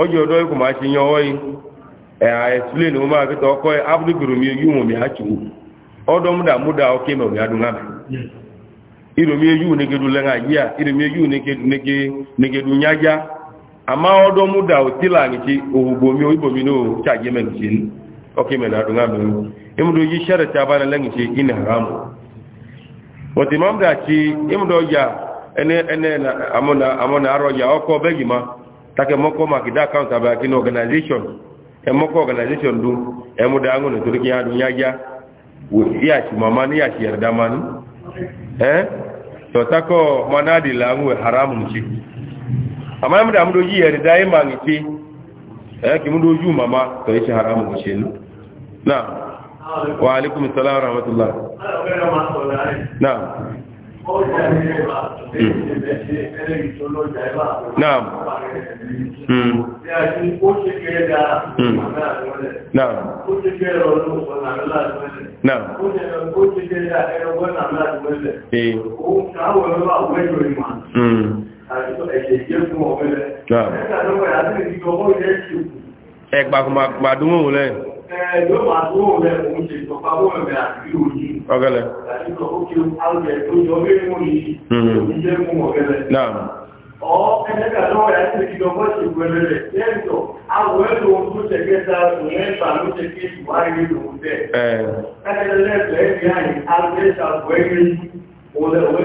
ọjọ́ ọdọ́ ikú ma ṣe yan ọyí ẹ̀yà ẹ̀sílẹ̀ ni ó máa fi tọ́kọ́ ẹ abúlùkìrò mi yíò mọ̀mí àtúwò ọdọ́ múdà múdà ọkẹ́ mọ̀mí adúláàmì ìròmí yíò nígedù lẹ́ńgà yíà ìròmí yíò nígedù nyájá àmà ọdọ́ múdà òtílà àgìtì òhùgbòmí oníbòmí ní òtíàjẹ́ mẹ́rìnsìn ọkẹ́ mọ̀mí take moko ma kida account aba kini organization e moko organization du e mu da ngono to ki adu nyaja wi ya ci mama ni ya ci yarda man eh to tako manadi la ngue haramu ci amma mu da mu do yi yarda yi ma ni ci eh ki mu do ju mama to yi haramu ci ni na wa alaikum assalam wa rahmatullah na Hmm. Hmm. Naam. Naam. Eh. Hmm. Naam. Ẹgbàkùnmàdúnmò lẹ́yìn yóò máa tó rẹ̀ òun ṣe ìtọ̀pá wọ́n rẹ̀ àti òjì ọgẹ́lẹ̀ láti sọ ó kí alẹ́ tó jọ mé mú ní ìjẹ́ mú ọgẹ́lẹ̀ ọ́ ẹgbẹ́gbẹ́ lọ́wọ́ rẹ̀ àti ìjọba ṣe gbẹ̀rẹ̀ lẹ́ẹ̀tọ̀ hmm. àwọn ẹ̀lò ohun tó ṣe kẹta ìrẹ́ta ló ṣe kí ìwárí lòun tẹ̀ ẹgbẹ́lẹ́ẹ̀tọ̀ ẹgbẹ́ àyè alẹ́ta gbẹ̀rẹ̀ òun lẹ́wọ́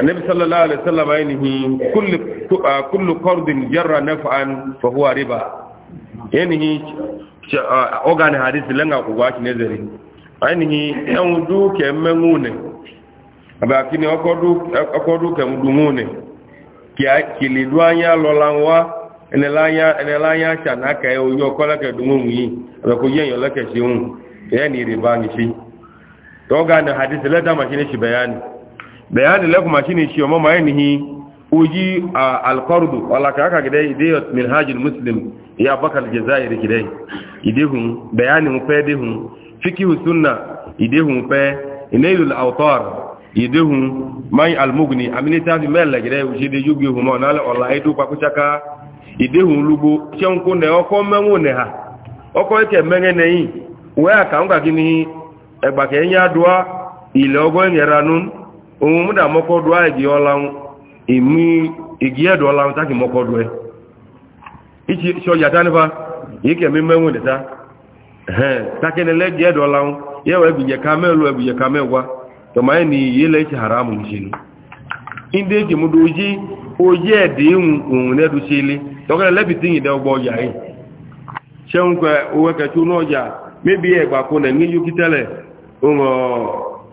النبي صلى الله عليه وسلم عينه كل كل قرض جرى نفعا فهو ربا ينه اوغان حديث لنا قواش نظري عينه يوجو كمنون abakini okodu okodu kemudumune kia kilidwanya lolanwa enelanya enelanya chana ka yo kola ke dumunyi abakuyen yo lake shiun yani ribangi shi toga na hadithi leta mashine shi bayani bayani lakum shine shi ma mayanihi uji al-qardu wala ka aka gidai idayat minhajul muslim ya bakal jazairi gidai idehun bayanin fa idehun fikihu sunna idehun fa inailul awtar idehun mai al-mughni aminita fi mel gidai uji de yugi wala idu pa kuchaka idehun lugo chenku ne oko menwu ne ha oko ike menge ne yi we ka ngwa gini ke nya ohun múdà mọ́kọ́dọ́ àìgì ọláhun ìmú igi ẹ̀dọ̀ ọláhun tákì mọ́kọ́dọ́ ẹ ìṣe ṣọjà tánífà yìí kẹ̀mí mẹ́wọ̀n nìta tákẹ́nẹ̀lẹ́gì ẹ̀dọ̀ ọláhun yẹ́wọ̀ ẹgbìyẹ ká mẹ́lú ẹgbìyẹ ká mẹ́wàá haramu ṣe inde ke mu do ji oye ẹ̀dẹ̀ ohun ne du ṣe ilé tọ́kẹ́lẹ̀ lẹ́bi tí yìí dẹ́gbọ́ ọjà yìí ṣẹ́hun pẹ̀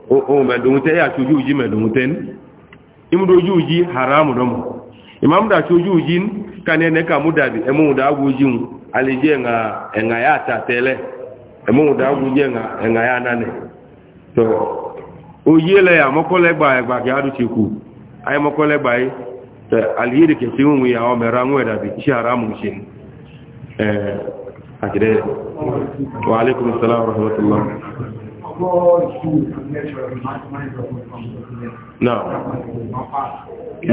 ohun mẹ̀dùnmútẹ́ yà tí ojú òjí mẹ̀dùnmútẹ́ ní imúdó ojú òjí haramu dọ́mù ìmáàmùdà tí ojú òjí ká ní ẹnẹ́ka múdàbí ẹmúhùndà agbójíun alẹ́jẹ́ ẹ̀ngà yà àtàtẹ́lẹ̀ ẹmúhùndà agbójí ẹ̀ngà yà nánẹ̀ tọ́ ojí ẹlẹ́ àmọ́kọ́lẹ́gbà ẹgbà kí á dùtì kù ayẹmọ́kọ́lẹ́gbà yìí alìyédè kẹsí ń wí àwọn mẹ́ra wa alaikum salaam wa rahmatulah God who created your mind No. No. Mm.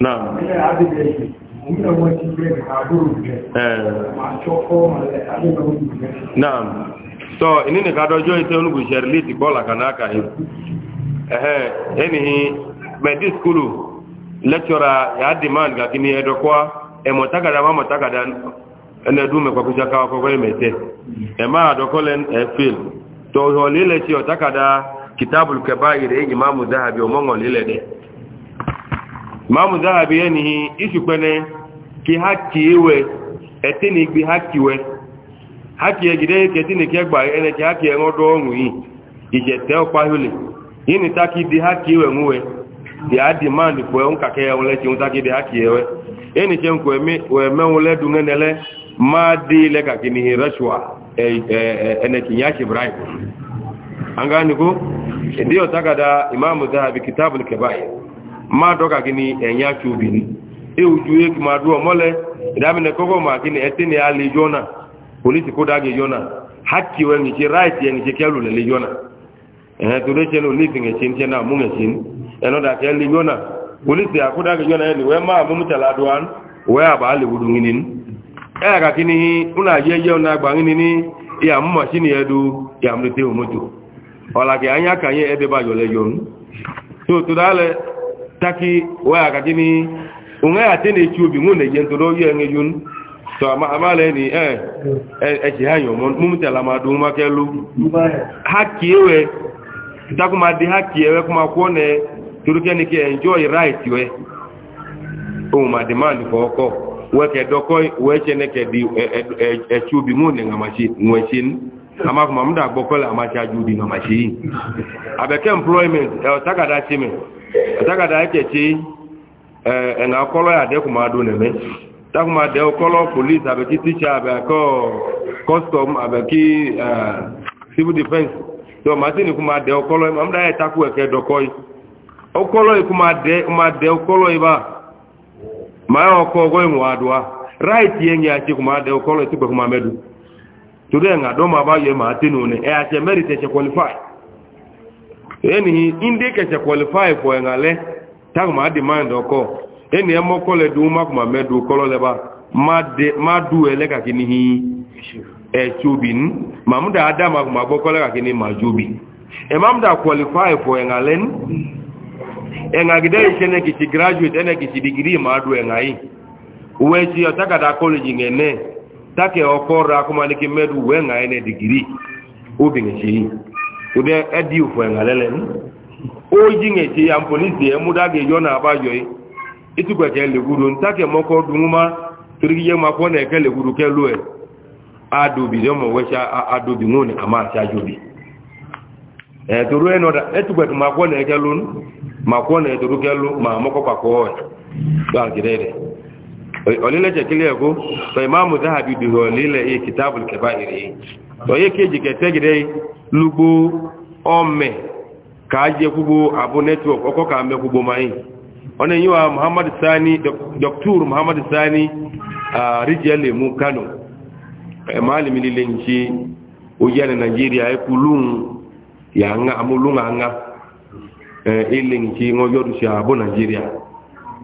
No. Eh. Naam. So inini ka dojo ite onugu sherli ti bola kanaka hi. Eh eh eni medi skulu lecturer ya demand ga kini edokwa e motaka da mama taka ene dume kwa kucha kawa i imete ema adokole e fil to ho lile chi otakada kitabul kabair e imamu dhahabi omongo lile de imamu haki iwe etini gbi haki we haki egide ketini kegba ene ki haki yi e te taki di haki di taki di haki eme ma di leka kini rashwa e, e, e, enekin yaki ibrahim an gani ko ndiyo takada imamu zahabi kitabul kebai ma doka kini enya chubini e ujue e kuma duwa mole idami ne koko ma kini etini ali jona polisi ko dage jona hakki wen ni right yen ni kelu le jona eh to de chelo ni tinge chin chena mu nge eno da kelu jona polisi akoda ge jona ni we ma mu mutala duan we abali wudunginin ẹ̀yà kàkí ni una yẹ́yẹ́ ọ̀nà àgbàrin ni ní ìyàmú mọ̀ṣínì ẹ̀dù ìyàmúlẹ̀tẹ̀ òmótò ọ̀làkẹ̀ anyákàyẹ́ ẹ̀dẹ̀ bá yọ̀lẹ̀ yọ̀n tó tó dálẹ̀ tákì wẹ́yà kàkí ni òun ẹ̀yà tẹ́ ní etí obì ńwọ̀n ẹ̀yẹ́ nítorí ọ̀yẹ́ ẹ̀yẹ́ yọ̀n tó àmàlẹ́ weke dokoi weche neke di echubi e, e, e ngune ngamashi ngweshin ama kuma mda bokole amacha judi ngamashi abeke employment otaka da chime otaka da chechi eh na kolo ya de kuma do neme ta kuma de kolo police abeki teacher abeko custom abeki civil defense so matini kuma de kolo mamda ya taku weke dokoi okolo kuma de kuma de okolo iba Maya ọkọ ọgọ ìwọ̀n àdúwá ráìtì ẹ̀yìn àti kùmà àdẹ ọkọlọ tí pẹ̀kùmà mẹ́dù torí ẹ̀ngà dọ́mà bá yẹ màá tẹ́nu ní ẹ̀ àti ẹ̀mẹ́rì tẹ̀ṣẹ̀ qualify ẹni ndé kẹ̀ṣẹ̀ qualify fọ ẹ̀ngà lẹ́ táàkùmà demand ọkọ ẹni ẹmọ kọlẹ dùn má kùmà mẹ́dù kọlọ lẹ́bà má dù ẹ lẹ́kàkí ní ẹ̀ṣọ́bì ní màmúdà ádámà kùmà gbọ́kọ́ lẹ́kàkí ní màjọ́bì ẹ̀ màmúdà qualify fọ ẹ̀ngà lẹ́nu engagide ichene kichi graduate ene kichi degree ma adu engai uwe ji otakada college ngene take okora kuma niki medu we ngai ne degree obi ngechi ude edi ufo engalele oji hmm? ngechi ya police e muda ge yo na abajo yi itukwe ke leguru ntake moko dunuma turigi ye ma kone ke leguru ke lue adobi domo wesha adobi ngone ama ajajobi eh turu enoda makwo na edoru kelu ma moko kwa ko ba gidere olile je kile ko to imamu zahabi bi olile e kitabul kabair to e. ye keji ke tegide lugbo ome ka je kugo abu network oko ka me kugo mai ona e. yiwa muhammad sani doctor muhammad sani a rijele mu kano e malimi lilenji o yana nigeria e kulun ya nga amulunga nga Eh, ilinki ngo yodu si abo nigeria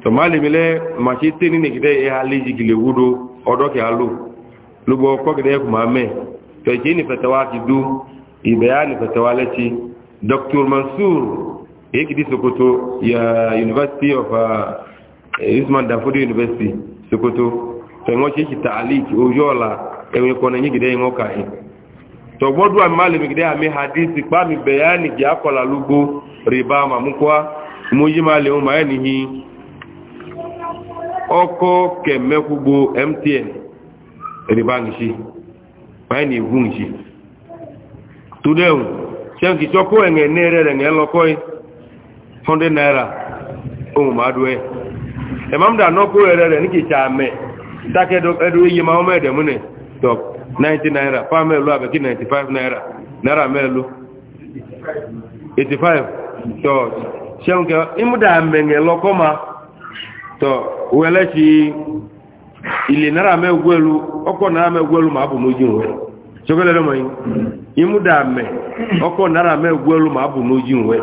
to mali mile machi tini ni e kide e haliji gile wudo odoke alu lugo ko kide ku mame to jini fatawa ki du ibayani fatawa lechi. dr mansur e kidi sokoto ya university of uh, eh, usman danfodi university sokoto to ngo chi ta'alik ojola e ko na kide ngo kai e tọgbọdụ ami alimigide ami hadisi kpami bẹyani jẹ akọla lugbo riba mamukwa muyi mali ma ẹ nihi ọkọ kẹmẹkugbo mtn riba nìṣi ma ẹ nìhu nìṣi tudẹun sẹnki tsọkọ ẹngẹ nẹrẹ rẹ ẹngẹ lọkọẹ hundred naira ohun ma do ẹ ẹmamuda nọkọ ẹrẹ rẹ ní kìí tsa amẹ dákẹ́ ẹdọ ẹdọ eyi ma ọmọ ẹdẹmu nẹ. stock 90 naira pa melu abeki 95 naira naira melu 85 to shenke imuda menge lokoma to welechi ile naira megwelu oko na megwelu ma abu n'oji nwe chokele le moyin imuda oko naira megwelu ma abu n'oji nwe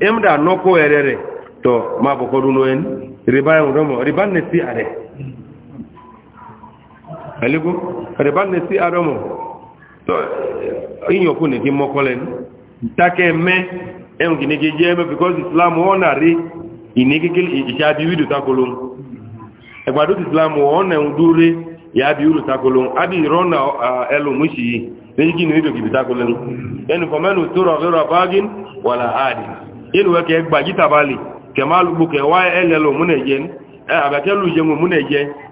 imuda noko erere to ma bokodu noen riba yo romo riba ne si are rẹ̀bá ní sí arọ́mọ̀ tó ìyànkú ní kí mọ́kọ́lẹ̀ dákẹ́ mẹ́ ẹ̀hùn kì ní kí jẹ́ mẹ́ because islam wọ́n náà rí ìní kékeré ìṣẹ́ abiwídù takolo ẹgbàdo ti islam wọ́n náà ń dúró ìyá abiwídù takolo abi ìrọ́nà ẹlòmú sí yìí lẹ́yìn kí ní ìdò kìbì takolo ẹnu fọmẹ́nu tó rọ̀ rọ̀ bágín wàlà áàdì ìlú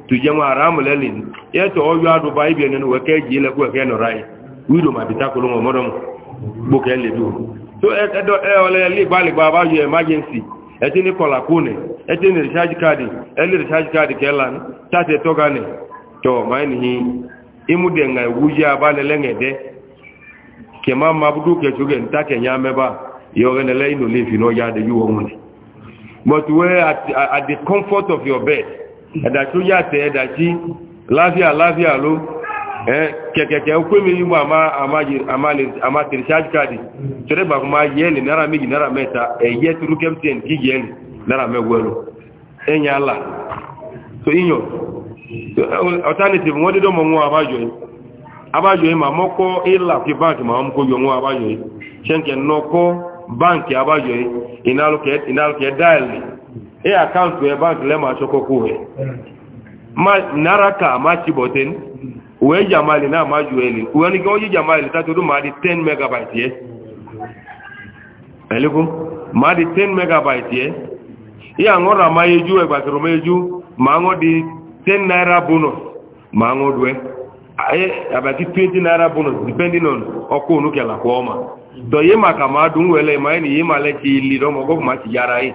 tujɛŋɔ aramu lɛ lin yɛtɔ ɔyɔ adu ba ibi ɛnɛnu wɛ k'ɛdzi lɛ k'u ɛkɛ nɔra yi wido ma bita kolo ŋɔ mɔdɔmu gbɔ k'ɛ so ɛdɔ ɛɔlɛ ligbaligba a emergency ɛti e ni kɔla ko nɛ e ɛti ni recharge card ɛli e recharge card la tati tɔga nɛ tɔ maa yi ni imu de ŋa but at, at the comfort of your bed. ẹ̀dàtí ó yàtẹ̀ ẹ̀dàtí láfíà láfíà ló kẹ̀kẹ̀kẹ̀ ó pé méjì mú àmà tẹ̀rẹ̀ṣájú káàdì tẹ́rẹ̀bà fún ma yẹ́ ẹ̀lì náírà méjì náírà mẹ́ta ẹ̀yẹ́ tí rúkẹ́ tẹ̀n kí yẹ́ ẹ̀lì náírà mẹ́wẹ́rọ ẹ̀yìn àlà yìí ìnálùkẹ́ dáìlì e account we bank le ma choko kuhe ma naraka ma chiboten we jamali na ma jueli we ni goji jamali ta tudu ma di 10 megabyte ye eliko ma di 10 megabyte ye ya ngora ma yeju e gbasoro ma yeju ma ngo di 10 naira bonus ma ngo duwe aye abati 20 naira bonus depending on oko unu kela kwa oma do ye ma kama dunwele ma ni ye ma le ki lidomo go ma ti yarai e.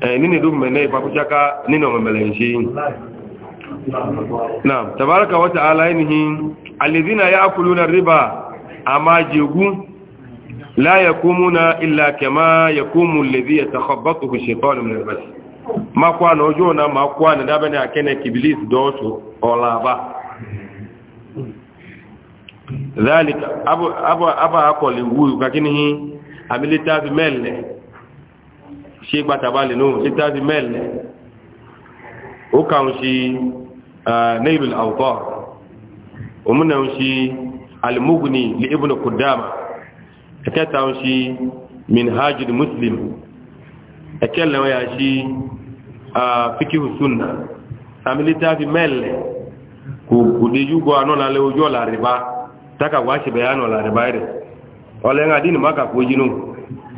nínú ìdó mẹ́lẹ́ ìfàkúṣáká nínú ọmọ mẹ́lẹ̀ ṣe yìí náà tàbáraka wata aláìníhì alìzínà ya kúrò na ríbà a máa jẹgú láyẹ kó na ilẹ̀ kẹma yẹ kó ya takọ̀bọ́tù ذلك أبا أبا أقول لي وكأنه عملت هذا ملء ṣe gbàtàbálẹ̀ náà ṣe tàbí mẹ́lẹ̀ ó kàún ṣe nailul awqa òmìnà ń ṣe alimugni li ibn kudama ẹ̀kẹta ń ṣe minhajul muslim ẹ̀kẹlẹ̀ wọ́n yà ṣe fikihu sunna àmìlẹ̀ tàbí mẹ́lẹ̀ kò dé yúgọ anọ́lálẹ́ ojú ọ̀làrìbá tákàwá ṣe bẹ̀yà anọ́làrìbá rẹ̀ ọ̀lẹ́ngàdínì má kàkó yínú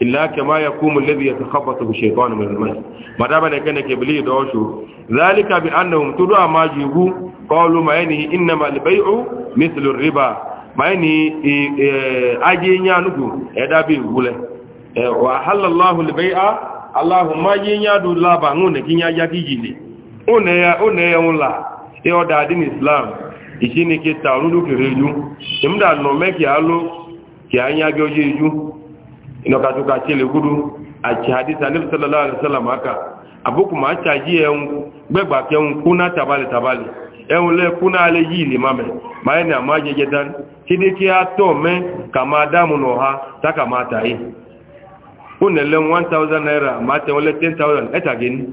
illa kama yakumu alladhi yatakhabbathu ash-shaytanu min al-mas madaba ne kana kibli da washu zalika bi annahum tudu amajugu qalu ma yani innama al-bay'u mithlu ar-riba ma yani ajinya nuku edabi gule wa halallahu al-bay'a allahumma ajinya du laba ngune kinya yakijili one ya one ya unla e oda din islam ishini ke tarudu kireju imda no meki alo ki anya gojeju ino ka tuka ce le gudu a ci hadisa nabi sallallahu alaihi wasallam haka abuku ma cha ji en gbegba ke kuna tabali tabali en le kuna ale yi mame ma ni ama je je dan ti a to me ka ma damu no ha ta ka ma ta yi le 1000 naira ma te 10000 eta e ni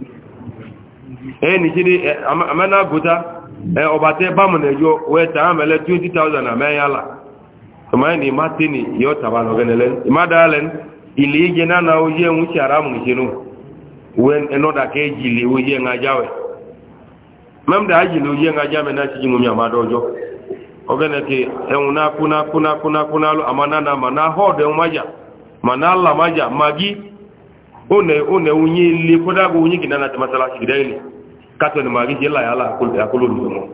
e, amana guta e, obate ne we ta amele 20000 yala tumaini matini yota balo genelen dalen ili jena na oje mushi aramu jinu wen enoda ke jili oje ngajawe mem da jili oje ngajame na chi ngumya madojo ogene ke euna kuna kuna kuna kuna lo amana na mana hode umaja mana la maja magi one one unyi li koda go unyi kinana ta masala shidaili kato ni magi jela ya akulu akulu yomo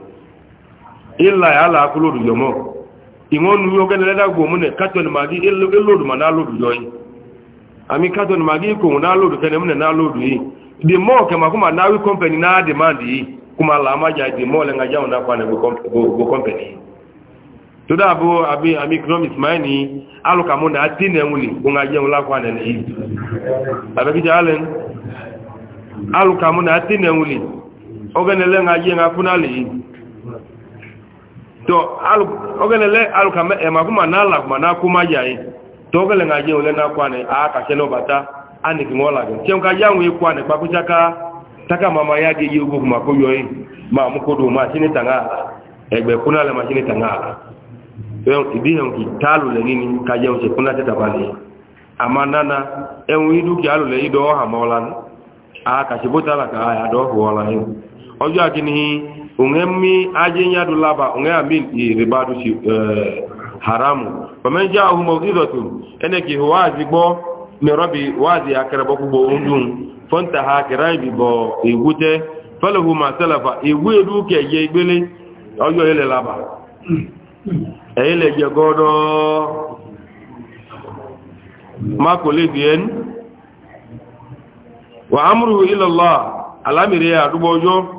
illa yala akulu yomo ìwọ́n nu ogẹ́ni lẹ́dàgbò mú nẹ̀ kátọ̀nì màgí elóòdù mà náà lòdù yọ yìí àmì kátọ̀nì màgí kòhùn náà lòdù kẹ́ni mú nẹ̀ náà lòdù yìí the more kẹmà kúmà náà wí kọ́mpẹ̀nì náà demand yìí kúmà làmájà the more lẹ́ngà jáwọn náà kwanẹ̀ gbogbo kọ́mpẹ̀nì yìí tó dáàbò àbí àmì economics máa ní alùkàmú náà tí nẹ̀ ń wuli kóńgà jẹun lákwanẹ̀ yìí àbẹ̀kíjà alẹ́ alùkàmú náà nẹ̀ wuli ogẹ́ni lẹ́ngà jẹun akúnálẹ̀ yìí to ogele le aluka eh, ma kuma na la kuma na kuma yayi to ogele nga je ole na kwa ne a ka sele obata ani ki ngola ge chem ka yawu e kwa ne pa kuchaka taka mama yage ye ugo kuma ko yoyi ma mu ko do ma sini tanga egbe kuna le ma sini tanga yo ibi yon ki talu le nini ka je ose kuna teta bali ama nana enwu idu ki alu le ido ha molan a ka sibota la ka ya do ho ola yo unge mi aje nyadu laba unge amin iribadu shi e, haramu faman ja'ahu mawdhidatu eneki huwazi bo mi rabbi wazi akrabo bo undun fonta ha kiraibi bo igute falahu ma salafa igwe duke ye igbele oyo ile laba e ele je godo ma ko le bien wa amruhu ila allah alamire adubojo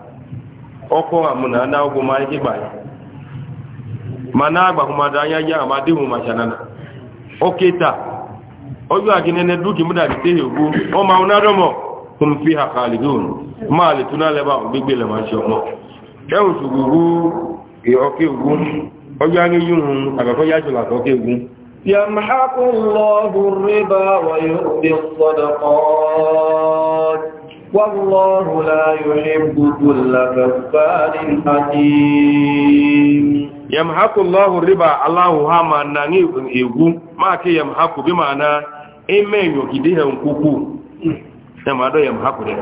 ọkọ amụna na ọgwụ ma ịgba ya ma na-agbahụmadụ anya ya ma dịhụ ma chanana oke taa ọjọ a gị nene duki mụ dabi tehi ogwu ọ ma ụna rọmọ hum fi ha khaligun ma le tuna le ma se e ẹhùn ṣùgbùgbù ọkẹ ogwu ọjọ a gị yihun àgbàkọ ya يمحق الله الربا الصدقات والله لا يحب كل كفار حكيم يمحق الله الربا الله هما ناني ايغو ما كي يمحق بمعنى ايمن يكيده انكوكو كما دو يمحق ده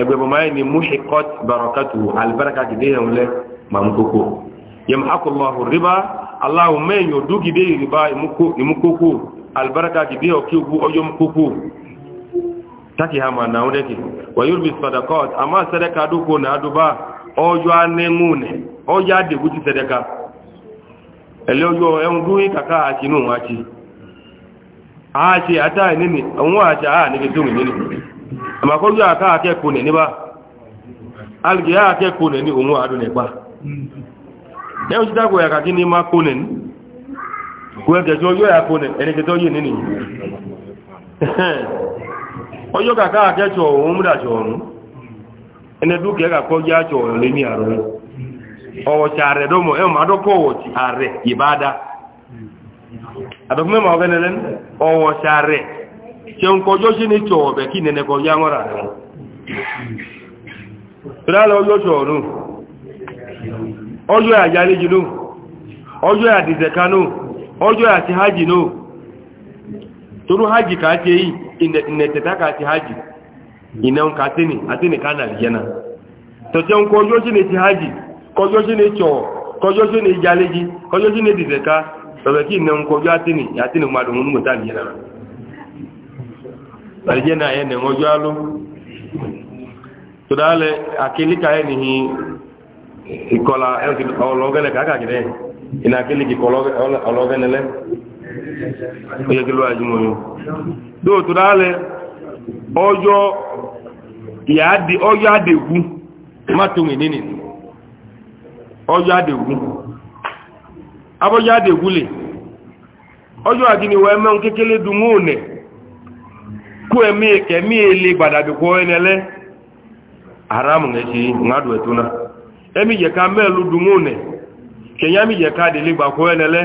ebe bama ni muhiqat barakatuhu al baraka gide yole mamkoko yamhaqu allah riba allah men yodugi de riba imuko imuko al baraka gide okigu oyomkoko taki hama na uneki wa yurbi sadaqat ama sadaka duko na aduba ojo anengune ojo ade guti sadaka ele ojo en duyi kaka achi wachi achi achi ata nini onwa acha a ni kitu nini ama ko jo aka ake kune ni ba alge ake kune ni onwa adu ne ba e ojo dago ya kakini ma kune ni kuwe ke jo yo ya kune ene ke to yi nini [LAUGHS] ọjọ́ kàkà àkẹ́tọ̀ òun múdàtọ̀ ọ̀run ẹni dúkẹ́ kàkọ́ jẹ́ àtọ̀ ọ̀run lé ní àrùn ọ̀wọ̀tí ààrẹ dọ́mọ̀ ẹ̀mọ̀ adọ́kọ̀ ọ̀wọ̀tí ààrẹ ìbáadá àdọ́kùnmẹ́mọ̀ ọ̀gẹ́nẹ̀lẹ́n ọ̀wọ̀tí ààrẹ ṣe ń kọjọ́ sí ní tọ̀ ọ̀bẹ̀ kí nẹnẹkọ̀ yá mọ́ra rẹ̀ tọ́lá ọjọ́ ṣọ̀ọ̀nù ọjọ́ àjálẹ́jì nù ọjọ́ àdìsẹ̀kánù ineteta ka ti haji inan ka tini atini ka na aljana to te nko ojo si ne ti haji kojo si ne cho kojo si ne jaleji kojo si ne dizeka bẹ̀rẹ̀ kí inan kojo atini atini mmadụ nnu ta aljana aljana ya na ojo alu to dale akilika ya ni ikola ọlọgẹlẹ kaka gẹrẹ ina akili akiliki ọlọgẹlẹ oyekele ajúmọ̀ yóò dóòtú dálẹ̀ ọjọ́ àdègú mátòmì nínì ọjọ́ àdègú abọ́jọ́ àdègú lè ọjọ́ àdínì wọ kékeré dùnmú ònẹ̀ kú ẹmí ẹ̀kẹ́mí èlé gbàdàgbẹ̀kọ́ ẹnẹlẹ́ àrámù ẹ̀ṣe ńádù yẹ̀ká mẹ́ẹ̀lú gbàkọ́ ẹnẹlẹ́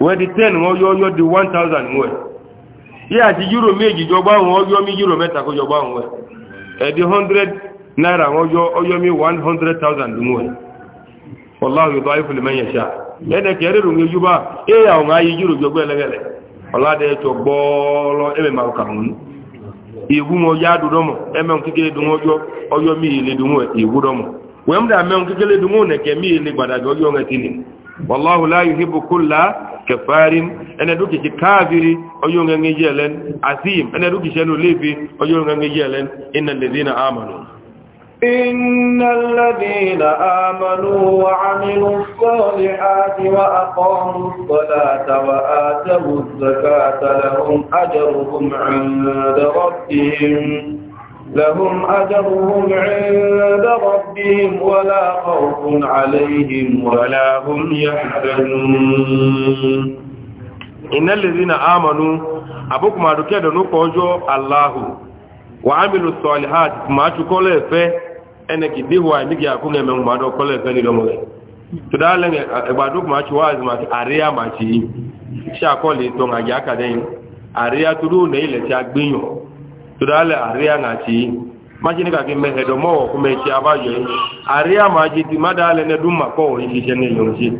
wọ́n di 10 wọ́n yọ yọ di 1000 thousand wẹ̀ yí àti euro méjì jọgbà wọn yọ mí euro mẹ́ta kó jọgbà wọ́n ẹ̀ dị hundred naira wọ́n yọ ọyọ mí one hundred thousand wẹ̀ wọ́láwọ̀ yóò tó ayé fúnlẹ̀ mẹ́yẹ̀ ṣá ẹ̀ẹ́dẹ̀ kẹrẹ́ rò ń ẹ̀yà ayé euro jọgbà ẹlẹ́gẹ̀lẹ̀ ẹ̀tọ́ gbọ́ọ́lọ́ ẹ̀mẹ̀ máa kà ìwú wọn yá ẹ̀mẹ̀ kékeré dùn mí dùn ìwú dọ́mọ̀ dà mẹ́wọn kékeré dùn kẹfàárín ẹnẹ dúkìsí káàfìrí ọjọ́ ngẹ́ngẹ́ yẹ lẹ́n àzíìm ẹnẹ dúkìsí ẹnu léèfé ọjọ́ ngẹ́ngẹ́ yẹ lẹ́n iná lèdínà àmàlù. إن الذين آمنوا وعملوا الصالحات وأقاموا الصلاة وآتوا الزكاة لهم أجرهم عند ربهم لهم أجرهم عند ربهم ولا خوف عليهم ولا هم يحزنون إن الذين آمنوا أبوكم أدوكي دونوكو الله وعملوا الصالحات ما تقول إفه ẹnẹ̀kì díhù àìníkì àkúnlẹ̀ mẹ́rin máa dọ́ kọ́lẹ̀ fẹ́ nílọ́mọ́ rẹ̀ tó dá lẹ́yìn ẹgbàdókùn máa ṣe wá àríyá máa ṣe yìí ṣàkọọ́lẹ̀ ìtàn àjẹ́ àkàdẹ́yìn àríyá tó dúró nẹ́yìn lẹ́tí agbéyàn turale aria ngati majini ka kime hedo mo kume ti abaje aria maji ti madale ne dumma ko yi jene yonji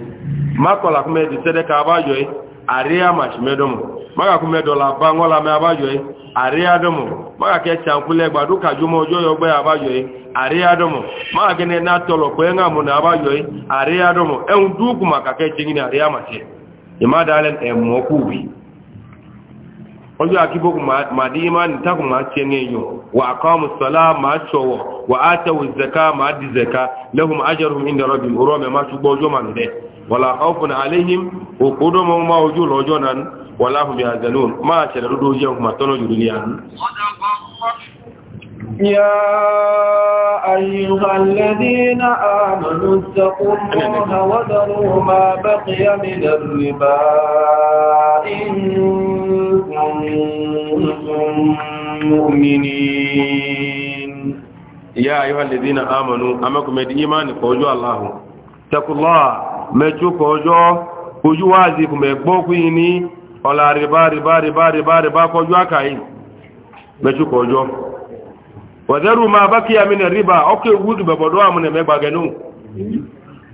makola kume di sede ka abaje aria mach medo mo maka kume do la bangola me abaje aria do mo maka ke chankule gba duka jumo jo yo gba abaje aria do mo maka ne na tolo ko nga mo na abaje aria do mo en dugu maka ke chingina aria mache imadale en mo kubi ọjọ́ akíbókù máa dí imá ní takùn máa ṣe ní èyàn wà àkọ́mù sọ́lá máa ṣọ̀wọ̀ wà á tẹ̀wò zẹ̀ká máa di zẹ̀ká lẹ́hùn ajẹ́rùn ìdẹ̀ rọ́bì orọ́ mẹ́ máa ṣùgbọ́ ọjọ́ máa nìdẹ́ wàlá ọ̀fún àléhìm òkúdó mọ́ máa ojú lọ́jọ́ náà wàlá hùmí يا أيها الذين آمنوا اتقوا الله وذروا ما بقي من الربا إن كنتم مؤمنين يا أيها الذين آمنوا أمكم إيمان فوجوا الله اتقوا الله مجو فوجوا فوجوا عزيكم يقبوكيني ولا ربا ربا ربا ربا ربا فوجوا كاين مجو فوجوا wadaru ma bakiya min riba oke wudu be bodo amune me gbagenu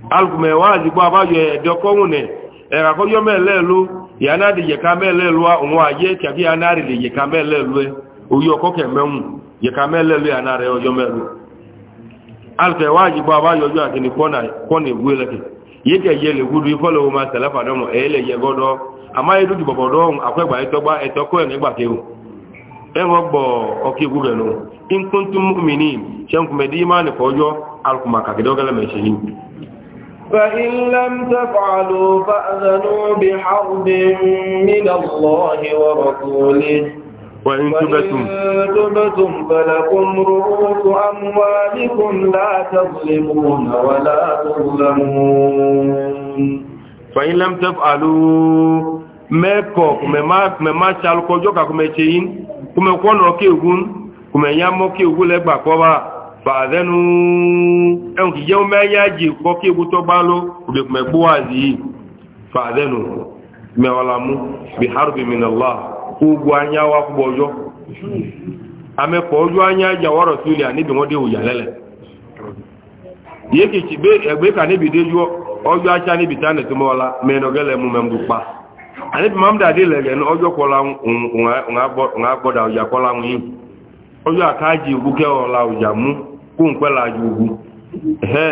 alku me waji gbo abayo e doko ngune e ka ko yo melelu ya na di ye ka melelu onwo aye ti abi anari le ye ka melelu e mewu ye ka melelu ya na re oyo melu kona kona gwele ke ye ke ifolo ma salafa domo e le ye godo di bobodo akwa gba etogba etoko e ẹwọ gbọ́ ọkí egwu rẹ̀ nù inkuntu mọ́mìnì ṣe ń kùmẹ̀dí ìmáà nìkan ọjọ́ alùkùnmà kàkìdẹ́ ọgẹ́lẹ̀ mẹ́ṣẹ̀ yìí فإن لم تفعلوا فأذنوا بحرب من الله ورسوله وإن تبتم, تبتم فلكم رؤوس أموالكم لا تظلمون ولا تظلمون فإن لم تفعلوا مكوك مما شالكو جوكا كمتين kumekwɔnɔ kegun kumeyamɔ kegun le gba kɔba fàdẹnu ẹun kìí jẹun mẹ́yàjì kọ́ kí ewu tó bá ló òbí mẹ́gbó wà sí yìí fàdẹnu mẹ́wàlámú bí harbi minalla ogun anya wa púpọ̀ ọjọ́ amẹ́kọ̀ ọjọ́ anya ìjà wọ́rọ̀ sí ilẹ̀ níbi wọ́n dé òyà lẹ́lẹ̀ yìí kìí ẹgbẹ́ kà níbi déjú ọjọ́ ajá níbi tánẹ̀ tó mọ́wàlá mẹ́nà gẹ́lẹ́ mú mẹ́mú pa anibi mamda adi lege no ojo kola nga gboda uja kola mu yi ojo akaji ugu ke ola uja mu ku nkwe la ju ugu he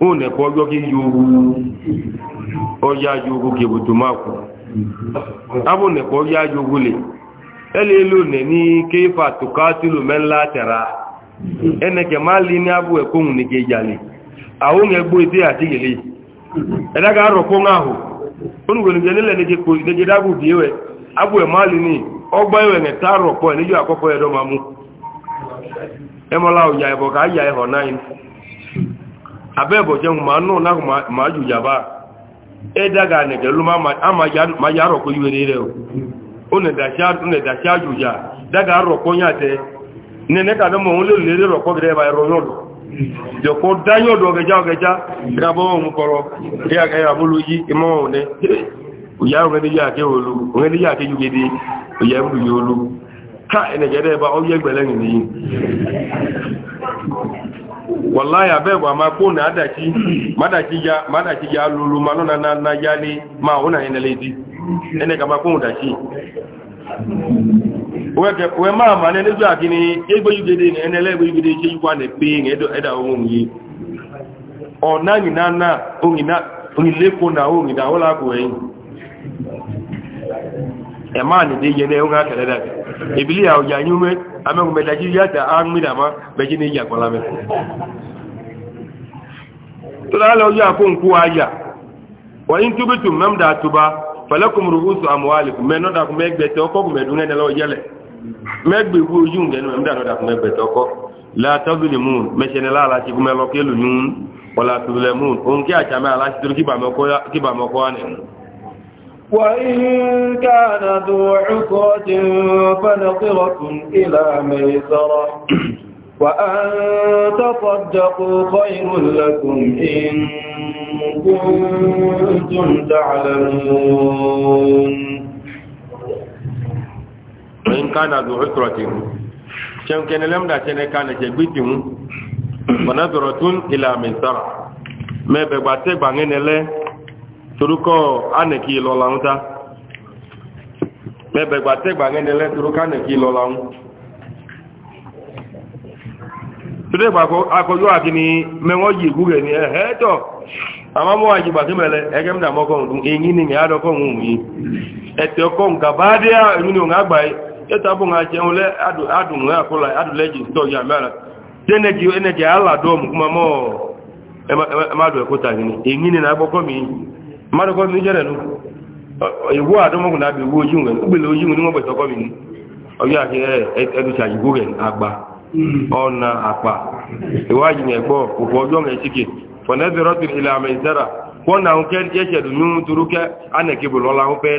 o ne ko ojo ki ju ugu oja ju ugu ki butuma ku abu ne ko oja ju ugu le ele ilu ne ni keifa tukatilu men la tara ene ke mali ni abu e ko ni ke jali awon egbo ite ati gele edaga ro ko ngahu onugoni bi nílẹ̀ ní jẹ́kọ̀ ìdẹ́jẹ́ dábù bí ẹwẹ́ abù ẹ̀ máa lè ní ọgbà ẹwẹ̀ ẹ̀ tààrọ̀ pọ̀ níjọ́ àkọ́kọ́ ẹ̀dọ́ máa mú ẹmọ́lá ọjà ẹ̀bọ̀ ká yà ẹ̀họ̀ náà yìí abẹ́ ẹ̀bọ̀ jẹun máa nù náà máa jù yàbá ẹ̀ dàgà nẹ̀gẹ̀ ló máa yà rọ̀ pé yúwèrè rẹ̀ o ó nẹ̀dàṣá àjùjà dàgà rọ̀ jọ̀kọ́ dáyé ọ̀dọ̀ ọ̀gẹ̀já ọ̀gẹ̀já ìrabọ́ ohun kọrọ rí àgẹ́yà múlò yí imọ́ ọ̀nẹ́ òyà òmìnirí àti olú òmìnirí àti yúgede òyà múlò olú ká ẹnẹ̀gẹ̀dẹ́ bá ó yẹ gbẹ̀lẹ́yìn nìyí wàláyà bẹ́ẹ̀bọ̀ àmà kóònù àdàkí mádàkí ya lulu ma lọ́nà náà yálé máa ó nà ẹnẹ̀lẹ́ we ma ma ne nezu akini egbe yugede ne enele egbe yugede che yukwa ne pe ne edo eda ohun yi ona ni na na ongi na ongi leko na ongi da ola ko yin e ma da ibili ya oja nyume ya ta me to la lo ya ko nku aya tuba falakum ru'usu amwalikum me no da ko me gbe te mẹ́gbẹ̀ ìwú ojú ń gẹ̀ẹ́nu ẹ̀mdà náà dàkún ẹgbẹ̀ tọ́kọ́ látọ́bìlì mún mẹ́ṣẹ́ni láàláṣí kú mẹ́lọ kí èlò yún ọ̀là tùbìlẹ̀ mún òun kí àjàmẹ́ aláṣí tó kíbàmọ́kọ́ wà nìyàn وإن كان ذو عسرة فنظرة إلى ميسرة وأن تصدقوا خير لكم إن كنتم تعلمون in kana zu usratin cem kene lemda cene kana ce bitin manazratun ila maisara me be gbate gbangenele turuko aneki lolanguta me be gbate gbangenele turuko aneki lolangu tude gba ko akoju akini me won yi gure ni eh ama mo aji gba ti mele ege mda mo ko ni yi eta bụ na chenwele adụ nwe akwụla adụleji stọọ ya mere teneji eneji ala dom kuma mo mmadụ ekwetaghị ni ehini na agbakọ mi iyi mmadụ kọ m ijere nu iwu adụmọgwụ e, e, hmm. na abịa iwu nwere ugbele ojii nwere nwegbe iwu agba ọna akpa iwaji na-ekpọ ụkwụ ọjọọ na-esike kwọ na nke echedu nyu ke a na-ekebụlụ ọla pee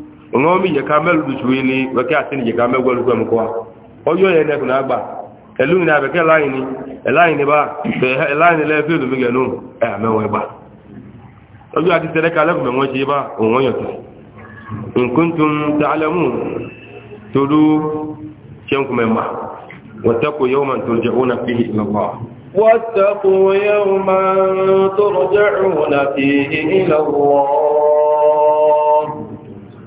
ŋo mi yeka melu du chuili weke asini yeka megwe lu kwem kwa oyo ye ne kuna gba elu ni abeke line line ba be line le fe na mi e amewe gba oyo ati tere kale ku menwo chi ba onwo yo ti in kuntum ta'lamun tudu chen ku memma wattaqu yawman turja'una fihi ila Allah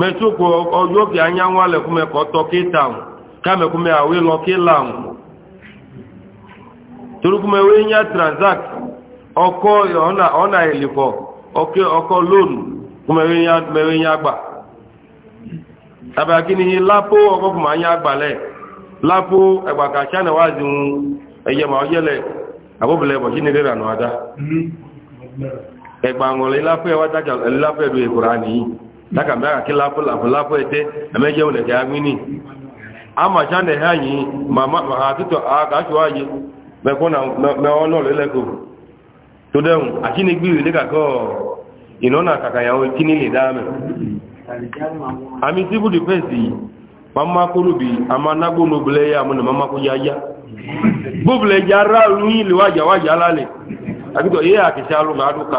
mẹtúkọ ọjọ́ kí anyanwó alẹ́kùnmẹ́ kọ́ ọtọ kí tàun kámẹ́kùnmẹ́ àwé lọ kí làun ọkọ transact ọkọ ọ̀nà ìlìkọ̀ ọkọ́ lóònù kùnmẹ́ wé ń yá gbà tàbí ní lápó ọkọ̀kùnmẹ́ anyá gbalẹ̀ lápó ẹgbàkà sánàwázi ẹyẹ daga mẹ́ra kí lápò lápò lápò ẹ̀tẹ́ ẹ̀mẹ́jẹ́ olè jẹ́ agbíní a ma ṣá nẹ̀ hàn yìí àtútọ̀ àkàṣùwà yìí mẹ́kúnnà mẹ́wọ́n náà lẹ́lẹ́kọ̀ tó dẹ̀hùn àṣínigbìrì ní kàkọ́ ìnáná kàkàyàwó kí nílè mama lálẹ̀ àbíkọ̀ yẹ́ àkìṣà lọ́nà àdúkà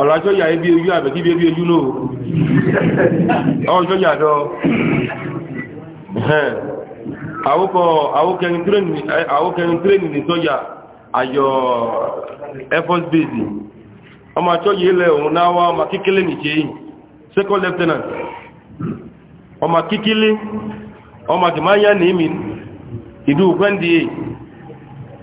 ọ̀làjọ́ yà ebi ojú àbẹ̀kí bí ebi ojú náà ọjọ́ yà dọ́ àwókẹrin tírénì ní sọ́jà àyọ̀ air force base ọmọ àjọ́yì ilẹ̀ òun náà wá ọmọ kíkílé nìṣe yìí second lieutenant ọmọ kíkílé ọmọ kìmáyà ní ìmì ìdú kwẹ́ndìí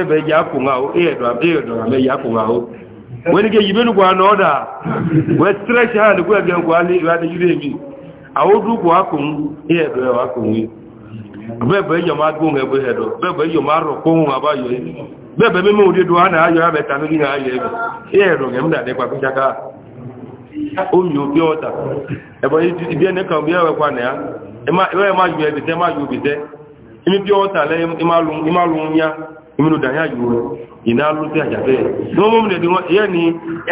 bẹ́ẹ̀ yà kò ńà ó ẹ̀ẹ̀dọ̀rà mẹ́ yà kò ńà ó wọ́n ni kí èyí mẹ́lùkù àná ọ̀dà wọ́n stretch hand kó ẹgbẹ́ ǹkọ́ alẹ́ ìrádẹ́ yúrẹ́ èmi àwọn dúkù yìí bẹ́ẹ̀ bẹ́ẹ̀ yọ̀ máa gbóhùn ẹgbẹ́ ẹ̀dọ̀ ẹ̀bọ̀ ibi ẹni kan ya ẹbìtẹ́ e e bí iminu danya yuwe ina lusi ajabe gbogbo mu nedi wọn yẹ ni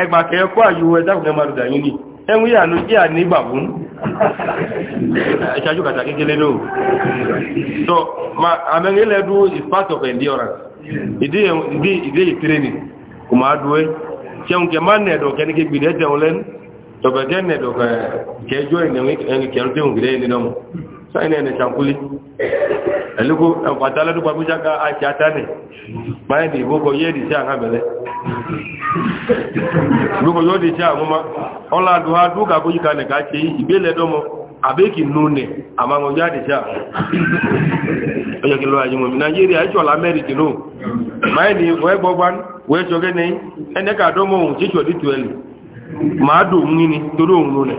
ẹgbà kẹkọ ayuwe dákùnrin máa dùdà yín ni ẹnu yà ní yà ní gbàgbún ìṣáájú kàtà kékeré ní o so ma amẹ́rin lẹ́dú is part of endurance ìdí ìdí ìdí ìtírẹ́nì kò máa dúwé ṣẹun kẹ máa nẹ̀ ẹ̀dọ̀ kẹni kẹ gbìdẹ́ tẹun lẹ́nu tọ̀bẹ̀ kẹ nẹ̀ ẹ̀dọ̀ kẹjọ́ ìnẹ̀wé kẹrù tẹun gbìdẹ́ ìnìdọ́mù sáyẹn ẹ̀ ẹ̀lúkú ẹ̀kọ̀tà lọ́dúnpá mú ṣáká àti àtàní báyìí ìgbókò yé ìdí sí àwọn àmẹ́lẹ́ ìgbókò yóò dì sí àwọn ọmọ ọlá àdúhà dúkà bó yíká nìkà ṣe ìgbélẹ̀dọ́mọ àbẹ́kì núnẹ̀ àmàwọn jáde sí àwọn ọjọ́ kí lọ àyíwọ̀ mi nàìjíríà ìṣọ̀lá amẹ́ríkì náà máa ní wọ́ẹ́ gbọ́gbán wọ́ẹ́ ṣọ́gẹ́ ní ẹnẹ́kà àdọ́mọ̀ ohun tíṣọ̀ dìtò ẹ̀lì máa dò ń ní torí òun lónìí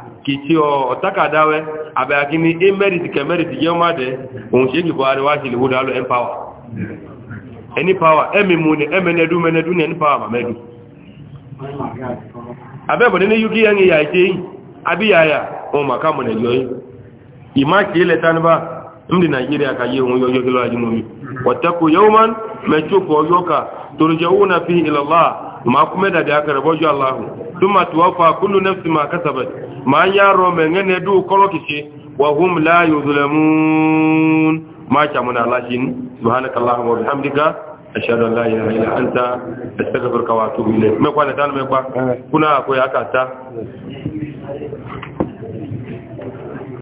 kìtì ọ̀tàkàdáwẹ́ àbẹ̀yàkí ní a merit kẹ merit jẹ́ ọmọ àdẹ́ òun ṣe kìbọ̀ àríwá e ṣe lè wúdà lọ empower ẹni power ẹmì mú ní ẹmẹ́nẹ́dú mẹ́nẹ́dú ní ẹni power mẹ́dú abẹ́bọ̀dé ní uk yẹn yà ìṣe yìí abíyàyà ohun màkà mọ̀ nẹ̀jọ́ yìí ìmá ṣe é lẹ́ta nípa ndì nàìjíríà kàyé òun yọjọ́ kí lọ́wọ́ ajímọ̀ mi ọ̀tẹ́kù yẹ́wọ́n mẹ́tò ma kuma da da aka rabo Allah thumma tuwaffa kullu nafsi ma kasabat ma yaro men ngene du kolokishi wa hum la yuzlamun ma cha muna lashin subhanakallahumma wa bihamdika ashhadu an la ilaha illa anta astaghfiruka wa atubu ilayk me kwana tan me kwa eh. kuna akwai aka ta